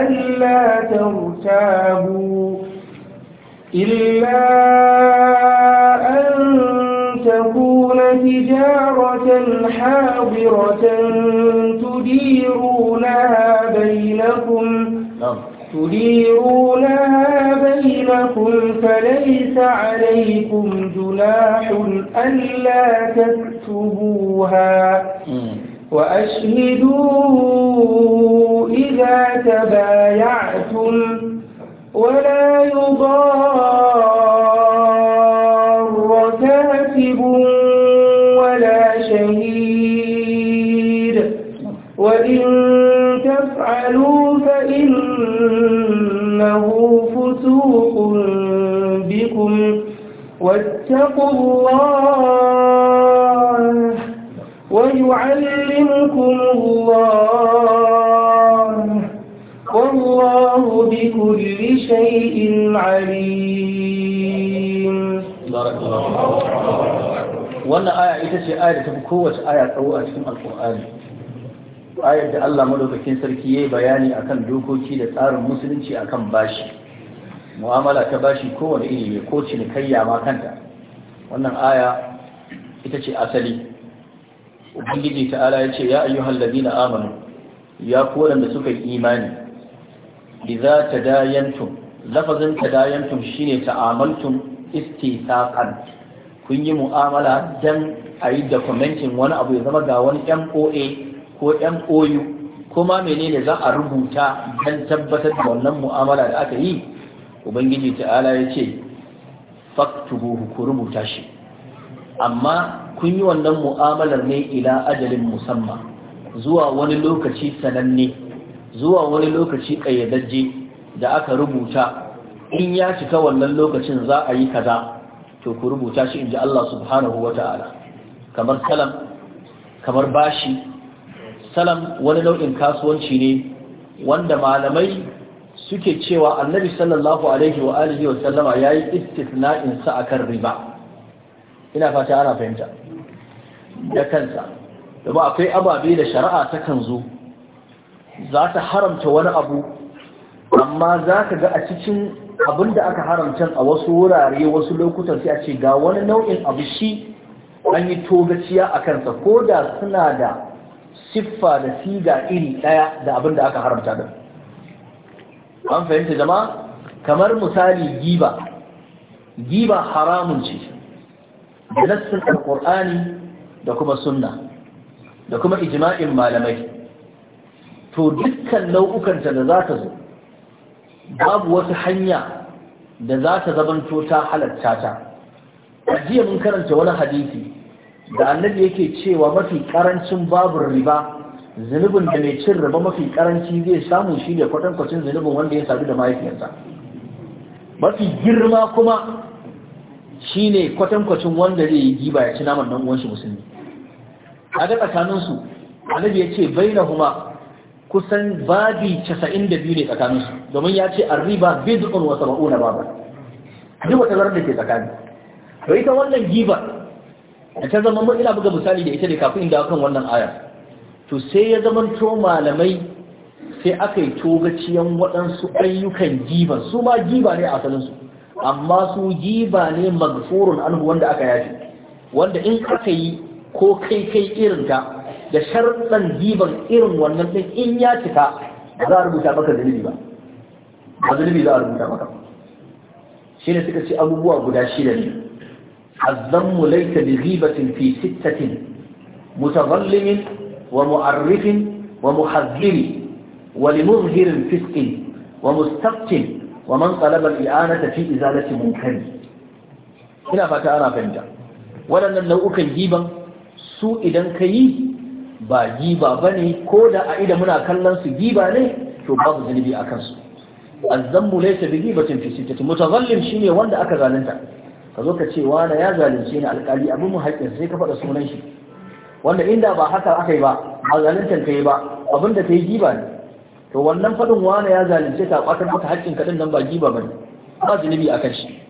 ألا ترتابوا إلا تجارة حاضرة تديرونها بينكم نعم. تديرونها بينكم فليس عليكم جناح ألا تكتبوها وأشهدوا إذا تبايعتم ولا يضار فإن تفعلوا فإنه فسوق بكم واتقوا الله ويعلمكم الله والله بكل شيء عليم بارك الله wannan aya ita ce aya آية ta fi kowace aya tsawo ayar da Allah madaukakin sarki yayi bayani akan dokoki da tsarin musulunci akan bashi mu'amala ta bashi kowane iri ne ko cinikayya ma kanta wannan aya ita ce asali ubangiji ta'ala ya ce ya ayyuhal ladina amanu ya ku da suka yi imani idza tadayantum lafazin tadayantum shine ta'amaltum istisaqan kun yi mu'amala dan a yi documentin wani abu ya zama ga wani MOA ko MOU kuma menene za a rubuta don tabbatar da wannan mu'amala da aka yi ubangiji ta'ala ya ce faktubuhu ku rubuta shi amma kun yi wannan mu'amalar ne ila ajalin musamman zuwa wani lokaci sananne zuwa wani lokaci ƙayyadajje da aka rubuta in ya cika wannan lokacin za a yi kaza to ku rubuta shi in ji Allah subhanahu wa ta'ala kamar salam kamar bashi salam wani nau'in kasuwanci ne wanda malamai suke cewa annabi sallallahu alaihi wa alihi wa sallama yayi istisna'in sa akan riba ina fata ana fahimta da kansa domin akwai ababe da shari'a ta kan zo za ta haramta wani abu amma za ka ga a cikin abin da aka haramta a wasu wurare wasu lokutan sai a ce ga wani nau'in abu shi an yi togaciya a kansa ko da suna da siffa da siga iri ɗaya da abin da aka haramta da an fahimta jama'a kamar misali giba giba haramun ce da nassin alƙur'ani da kuma sunna da kuma ijma'in malamai to dukkan nau'ukanta da za ta zo babu wata hanya da za ta zamanto ta halatta ta jiya mun karanta wani hadisi da annabi yake cewa mafi karancin babu riba zinubin da mai cin riba mafi karanci zai samu shi ne kwatankwacin zunubin wanda ya sadu da mahaifiyarsa mafi girma kuma shi ne kwatankwacin wanda zai yi giba ya ci naman dan uwanshi musulmi a da tsakaninsu annabi ya ce bai na huma kusan babi casa'in da biyu ne tsakaninsu domin ya ce an riba bizu'un wa saba'una babu duk wata da ke tsakani bai ta wannan gibar. da ta zama ina buga misali da ita da kafin inda kan wannan aya to sai ya zama to malamai sai aka yi togaciyan waɗansu ayyukan giban su ma giba ne a asalinsu amma su giba ne magfurun anhu wanda aka yafi wanda in aka yi ko kai kai irin ta da sharɗan giban irin wannan ɗin in ya cika ba za a rubuta maka zunubi ba ba zunubi za a rubuta maka shi ne suka ce abubuwa guda shida ne الذم ليس بغيبة في ستة متظلم ومؤرف ومحذر ولمظهر فسق ومستبق ومن طلب الإعانة في إزالة منكر ina fata ana fahimta waɗannan nau'ukan giban su idan kayi ba giba ba ne ko da a ida muna kallon su giba ne to babu zunubi a kansu azzammu laysa bi gibatin fi sittati shine wanda aka zalunta ka zo ka ce ya zalunce ni alƙali abin mu haƙƙin sai ka faɗa sunan shi wanda inda ba haka aka yi ba ba zaluntar ka yi ba abin da ta yi giba ne to wannan faɗin wani ya zalunce ta ƙwatar maka haƙƙin kaɗin nan ba giba ba ne ba zunubi a kan shi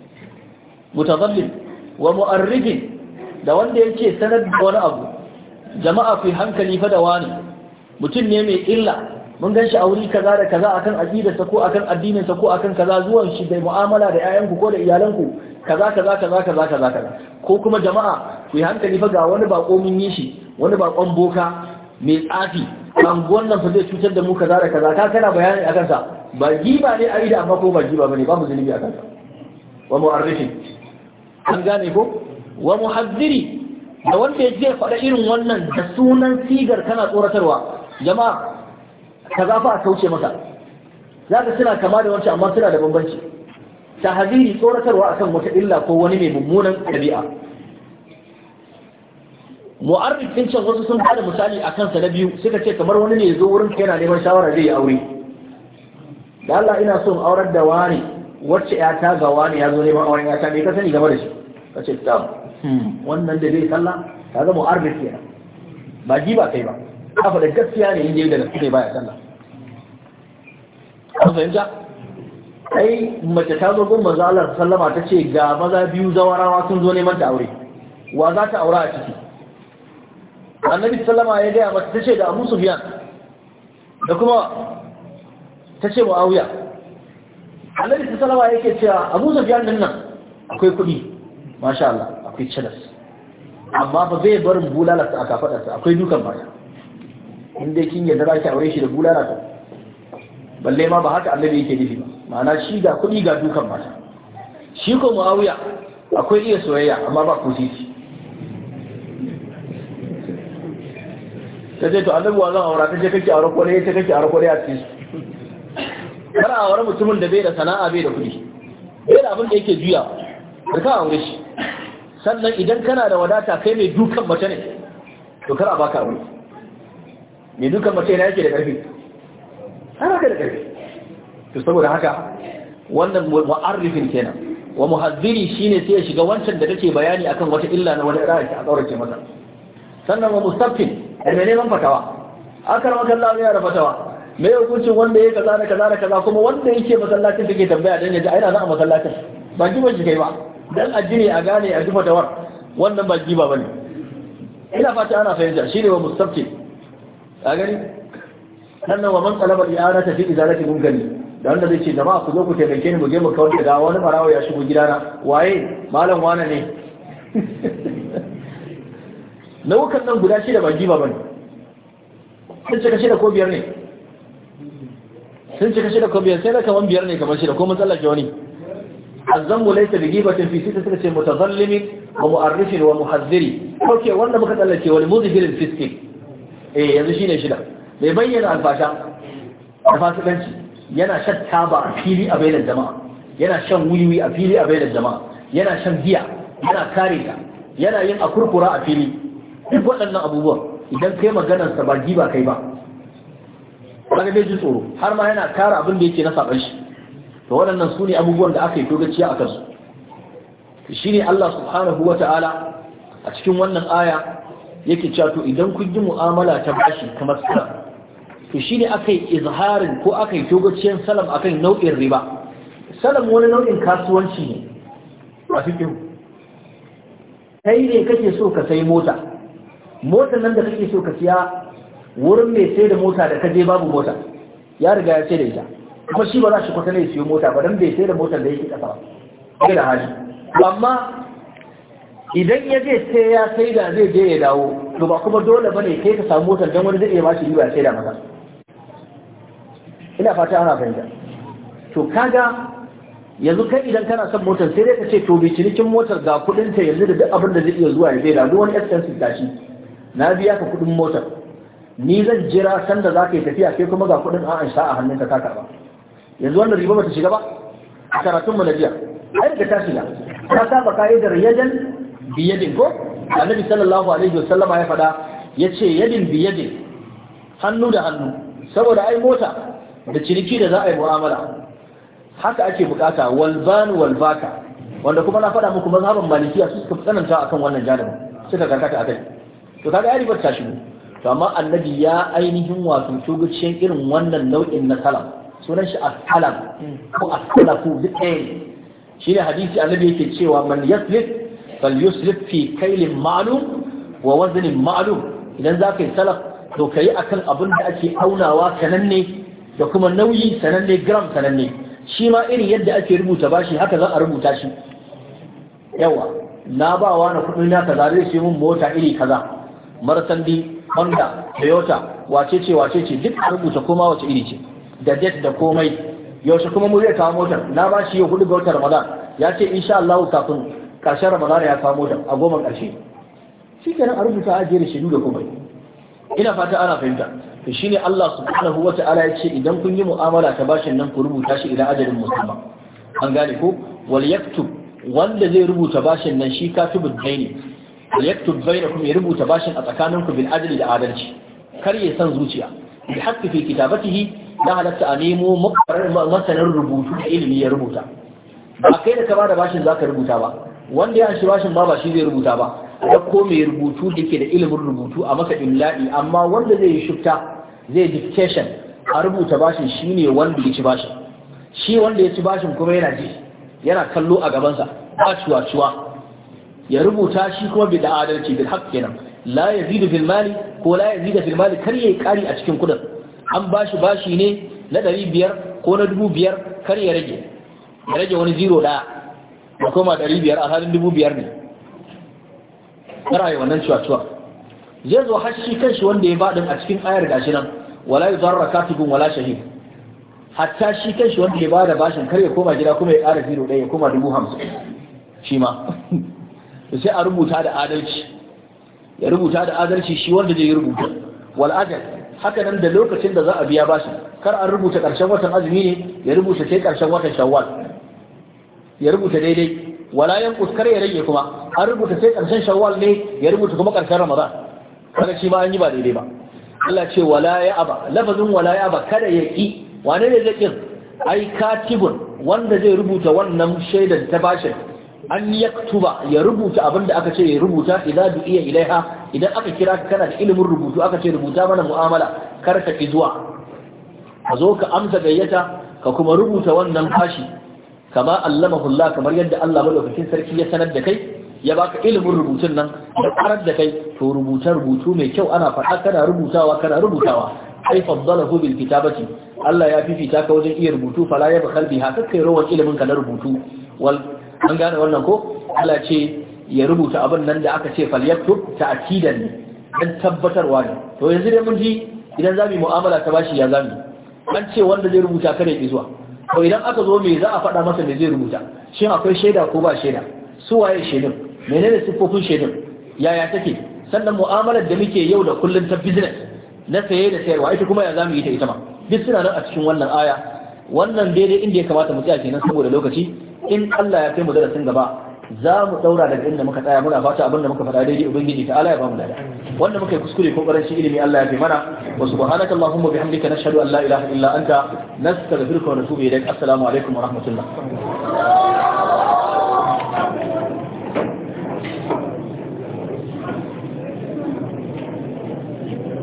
mutazallin wa mu'arrigin da wanda ya ce sanar da wani abu jama'a ku hankali fa da wani mutum ne mai illa mun gan shi a wuri kaza da kaza akan aqidarsa ko akan addininsa ko akan kaza zuwan shi da mu'amala da 'ya'yanku ko da iyalanku kaza kaza kaza kaza kaza kaza ko kuma jama'a ku yi hankali fa ga wani bako mun yi shi wani bakon boka mai tsafi anguwan nan fa zai cutar da mu kaza da kaza ka kana bayani a kansa ba giba ne a ida amma ko ba giba bane babu zunubi a kansa wa mu'arrifi an gane ko wa muhaddiri da wanda ya je faɗa irin wannan da sunan sigar kana tsoratarwa jama'a kaza fa a kauce masa za ka suna kama da wancan amma suna da bambanci tahziri tsoratarwa akan wata illa ko wani mai mummunan ɗabi'a mu'arrif din can wasu sun bada misali a kansa na biyu suka ce kamar wani ne ya zo wurin yana neman shawara zai yi aure da Allah ina son aurar da wani wacce ya ta ga wani ya zo neman auren ya ta me ka sani game da shi ka ce ta hmm, wannan da zai sallah ta ga mu'arrif kenan ba ji ba kai ba ka faɗa gaskiya ne inda da gaskiya baya sallah an fahimta ai mace ta zo gun manzo Allah sallama ta ce ga maza biyu zawarawa sun zo neman ta aure wa za ta aura a ciki annabi sallama ya gaya mace ta ce da Abu Sufyan da kuma ta ce Muawiya annabi sallama yake cewa Abu Sufyan din nan akwai kuɗi masha Allah akwai cilas amma ba zai bar bulalarsa a kafadarsa akwai dukan baya inda kin yadda za ki aure shi da bulalarsa balle ma ba haka annabi yake nufi ba ma'ana shi ga kuɗi ga dukan mata shi ko muawiya akwai iya soyayya amma ba ku sisi ta to annabi wa zan aura ta ce kake aure kore ya kake aure kore a cikin su kar a aure mutumin da bai da sana'a bai da kuɗi bai da abin da yake juya ka ka aure shi sannan idan kana da wadata kai mai dukan mace ne to kar a baka aure mai dukan mace ne yake da ƙarfi har haka da ƙarfi to saboda haka wannan mu'arrifin kenan wa muhaddiri shine sai ya shiga wancan da take bayani akan wata illa na wani ra'ayi a kaurace masa sannan wa mustafin da mai neman fatawa akar makalla ya da fatawa me hukuncin wanda ya kaza da kaza da kaza kuma wanda yake masallacin take tambaya dan yaji aina za a masallacin ba jiban shi kai ba dan addini a gane a jifa tawar wannan ba jiba bane ina fata ana fahimta shine wa mustafin a gani sannan wa man talaba i'anata fi izalati munkari da wanda zai ce jama'a ku zo ku taimake ni mu je mu kawar da wani barawo ya shigo gidana waye malam wane ne nau'ukan nan guda shida ba giba ne sun cika shida ko biyar ne sun cika shida ko biyar sai da kaman biyar ne kamar shida ko matsala ke wani mu laysa bi gibatin fi sita suka ce mutazallimin wa mu'arrifin wa muhazziri Koke wanda muka tsallake wani muzhirin fiske eh yanzu shine shida bai bayyana alfasha da fasikanci yana shan taba a fili a bainar jama'a yana shan wiwi a fili a bainar jama'a yana shan giya yana kare ta yana yin akurkura a fili duk waɗannan abubuwan idan kai maganar sa ba giba kai ba kaga dai ji tsoro har ma yana kare abin da yake na saban shi to waɗannan su ne abubuwan da aka yi dogaciya a kansu shi ne Allah subhanahu wata'ala a cikin wannan aya yake cewa to idan kun yi mu'amala ta bashi kamar sana to shi ne aka yi izharin ko aka yi togaciyar salam akan nau'in riba salam wani nau'in kasuwanci ne a cikin kai ne kake so ka sai mota motar nan da kake so ka siya wurin mai sai da mota da kaje babu mota ya riga ya ce da ita kuma shi ba za shi kwata ne siyo mota ba don bai sai da motar da yake kasa ba da hali amma idan ya je sai ya sai da zai je ya dawo to ba kuma dole bane kai ka samu motar don wani zai iya ba shi riba ya sai da maka ina fata ana fahimta to kaga yanzu kai idan kana son motar sai dai ka ce to bi cinikin motar ga kudin ta yanzu da duk abin da zai iya zuwa ya saida duk wani expenses shi na biya ka kudin motar ni zan jira sanda za ka yi tafiya sai kuma ga kudin an sha a hannunka ka karba yanzu wannan riba bata shiga ba a karatun mu na jiya ai da ta shiga ta saba ka'idar yadan biyadin ko annabi sallallahu alaihi wasallama ya faɗa yace yadin biyadin hannu da hannu saboda ai mota da ciniki da za a yi mu'amala haka ake bukata walban walbaka wanda kuma na faɗa muku mazhaban malikiya su suka tsananta akan wannan janibin suka karkata akai to kaga ya ribar ta to amma annabi ya ainihin wato tugucin irin wannan nau'in na salam sunan shi as-salam ko as-salafu duk ɗaya shine hadisi annabi yake cewa man yaslif fal yuslif fi kailin ma'lum wa wazanin ma'lum idan za ka yi salaf to ka yi akan abin da ake aunawa kanan ne da kuma nauyi sananne gram sananne shi ma irin yadda ake rubuta bashi haka za a rubuta shi yawa na ba wa na kudin na kaza zai sai mun mota iri kaza marsandi honda toyota wace ce wace ce duk a rubuta koma wace iri ce da date da komai yaushe kuma mu zai kawo motar na ba shi ya hudu ga watan ramadan ya ce insha Allah kafin karshen ramadan ya kawo motar a goma karshe shi kenan a rubuta ajiyar shaidu da komai ina fata ana fahimta to shine Allah subhanahu wata'ala ya ce idan kun yi mu'amala ta bashin nan ku rubuta shi ila ajalin musamman an gane ko wal yaktub wanda zai rubuta bashin nan shi katibud daini wal yaktub bainakum ya rubuta bashin a tsakaninku bil adli da adalci kar ya san zuciya bil haqqi fi kitabatihi na halatta a nemo masanin rubutu da ilimi ya rubuta ba kai da ka bada bashin zaka rubuta ba wanda ya shi bashin ma ba shi zai rubuta ba da ko mai rubutu da ke da ilimin rubutu a masa illa'i amma wanda zai yi shifta zai dictation a rubuta bashin shine wanda ya ci bashin shi wanda ya ci bashin kuma yana ji yana kallo a gabansa ba cuwa cuwa ya rubuta shi kuma bi da adalci bil haqq kenan la yazidu fil mali ko la yazidu fil mali kar yayi kari a cikin kudin an bashi bashi ne na ɗari biyar ko na dubu biyar kar ya rage ya rage wani zero ɗaya ya koma ɗari biyar a halin dubu biyar ne kara yi wannan cuwa-cuwa zai zo hashi kan shi wanda ya baɗin a cikin ayar gashi nan wala yi zarra katibin wala shahid hatta shi kan wanda ya bada bashin kar ya koma gida kuma ya ƙara zero ɗaya ya koma dubu hamsin shi ma sai a rubuta da adalci ya rubuta da adalci shi wanda zai rubuta wal ajal haka nan da lokacin da za a biya bashin kar an rubuta ƙarshen watan azumi ne ya rubuta sai ƙarshen watan shawwal ya rubuta daidai wala yan kuskare ya rage kuma an rubuta sai karshen shawwal ne ya rubuta kuma karshen ramadan kada shi ma an yi ba daidai ba Allah ce wala ya aba lafazin wala ya aba kada ya ki wane ne zai ai katibun wanda zai rubuta wannan shaidan ta bashin an yaktuba ya rubuta abin da aka ce ya rubuta idza iya ilaiha idan aka kira ka kana da ilimin rubutu aka ce rubuta mana mu'amala kar ka ki zuwa ka zo ka amsa gayyata ka kuma rubuta wannan kashi kama allamahu Allah kamar yadda Allah madaukakin sarki ya sanar da kai ya baka ilimin rubutun nan da karar da kai to rubuta rubutu mai kyau ana faɗa kana rubutawa kana rubutawa ai faddalahu bil kitabati Allah ya fifita ka wajen iya rubutu fala ya bakhal biha kai rawan ilimin ka na rubutu wal an gane wannan ko Allah ce ya rubuta abin nan da aka ce falyaktub ta'kidan ne dan tabbatarwa ne to yanzu dai mun ji idan zamu mu'amala ta bashi ya zamu an ce wanda zai rubuta kare ki zuwa ko idan aka zo me za a faɗa masa me zai rubuta shin akwai shaida ko ba shaida su waye shaidun menene siffofin shaidun yaya take sannan mu'amalar da muke yau da kullum ta business na saye da sayarwa ita kuma ya zamu yi ta ita ma duk suna nan a cikin wannan aya wannan daidai inda ya kamata mu tsaya kenan saboda lokaci in Allah ya kai mu darasin gaba za mu daura daga inda muka tsaya muna fata abinda muka faɗa daidai ubangiji ta Allah ya bamu lada wanda muka yi kuskure ko karanci ilimi Allah ya fi mana wa subhanaka allahumma bihamdika nashhadu an la ilaha illa anta nastaghfiruka wa natubu ilaik assalamu alaikum wa rahmatullah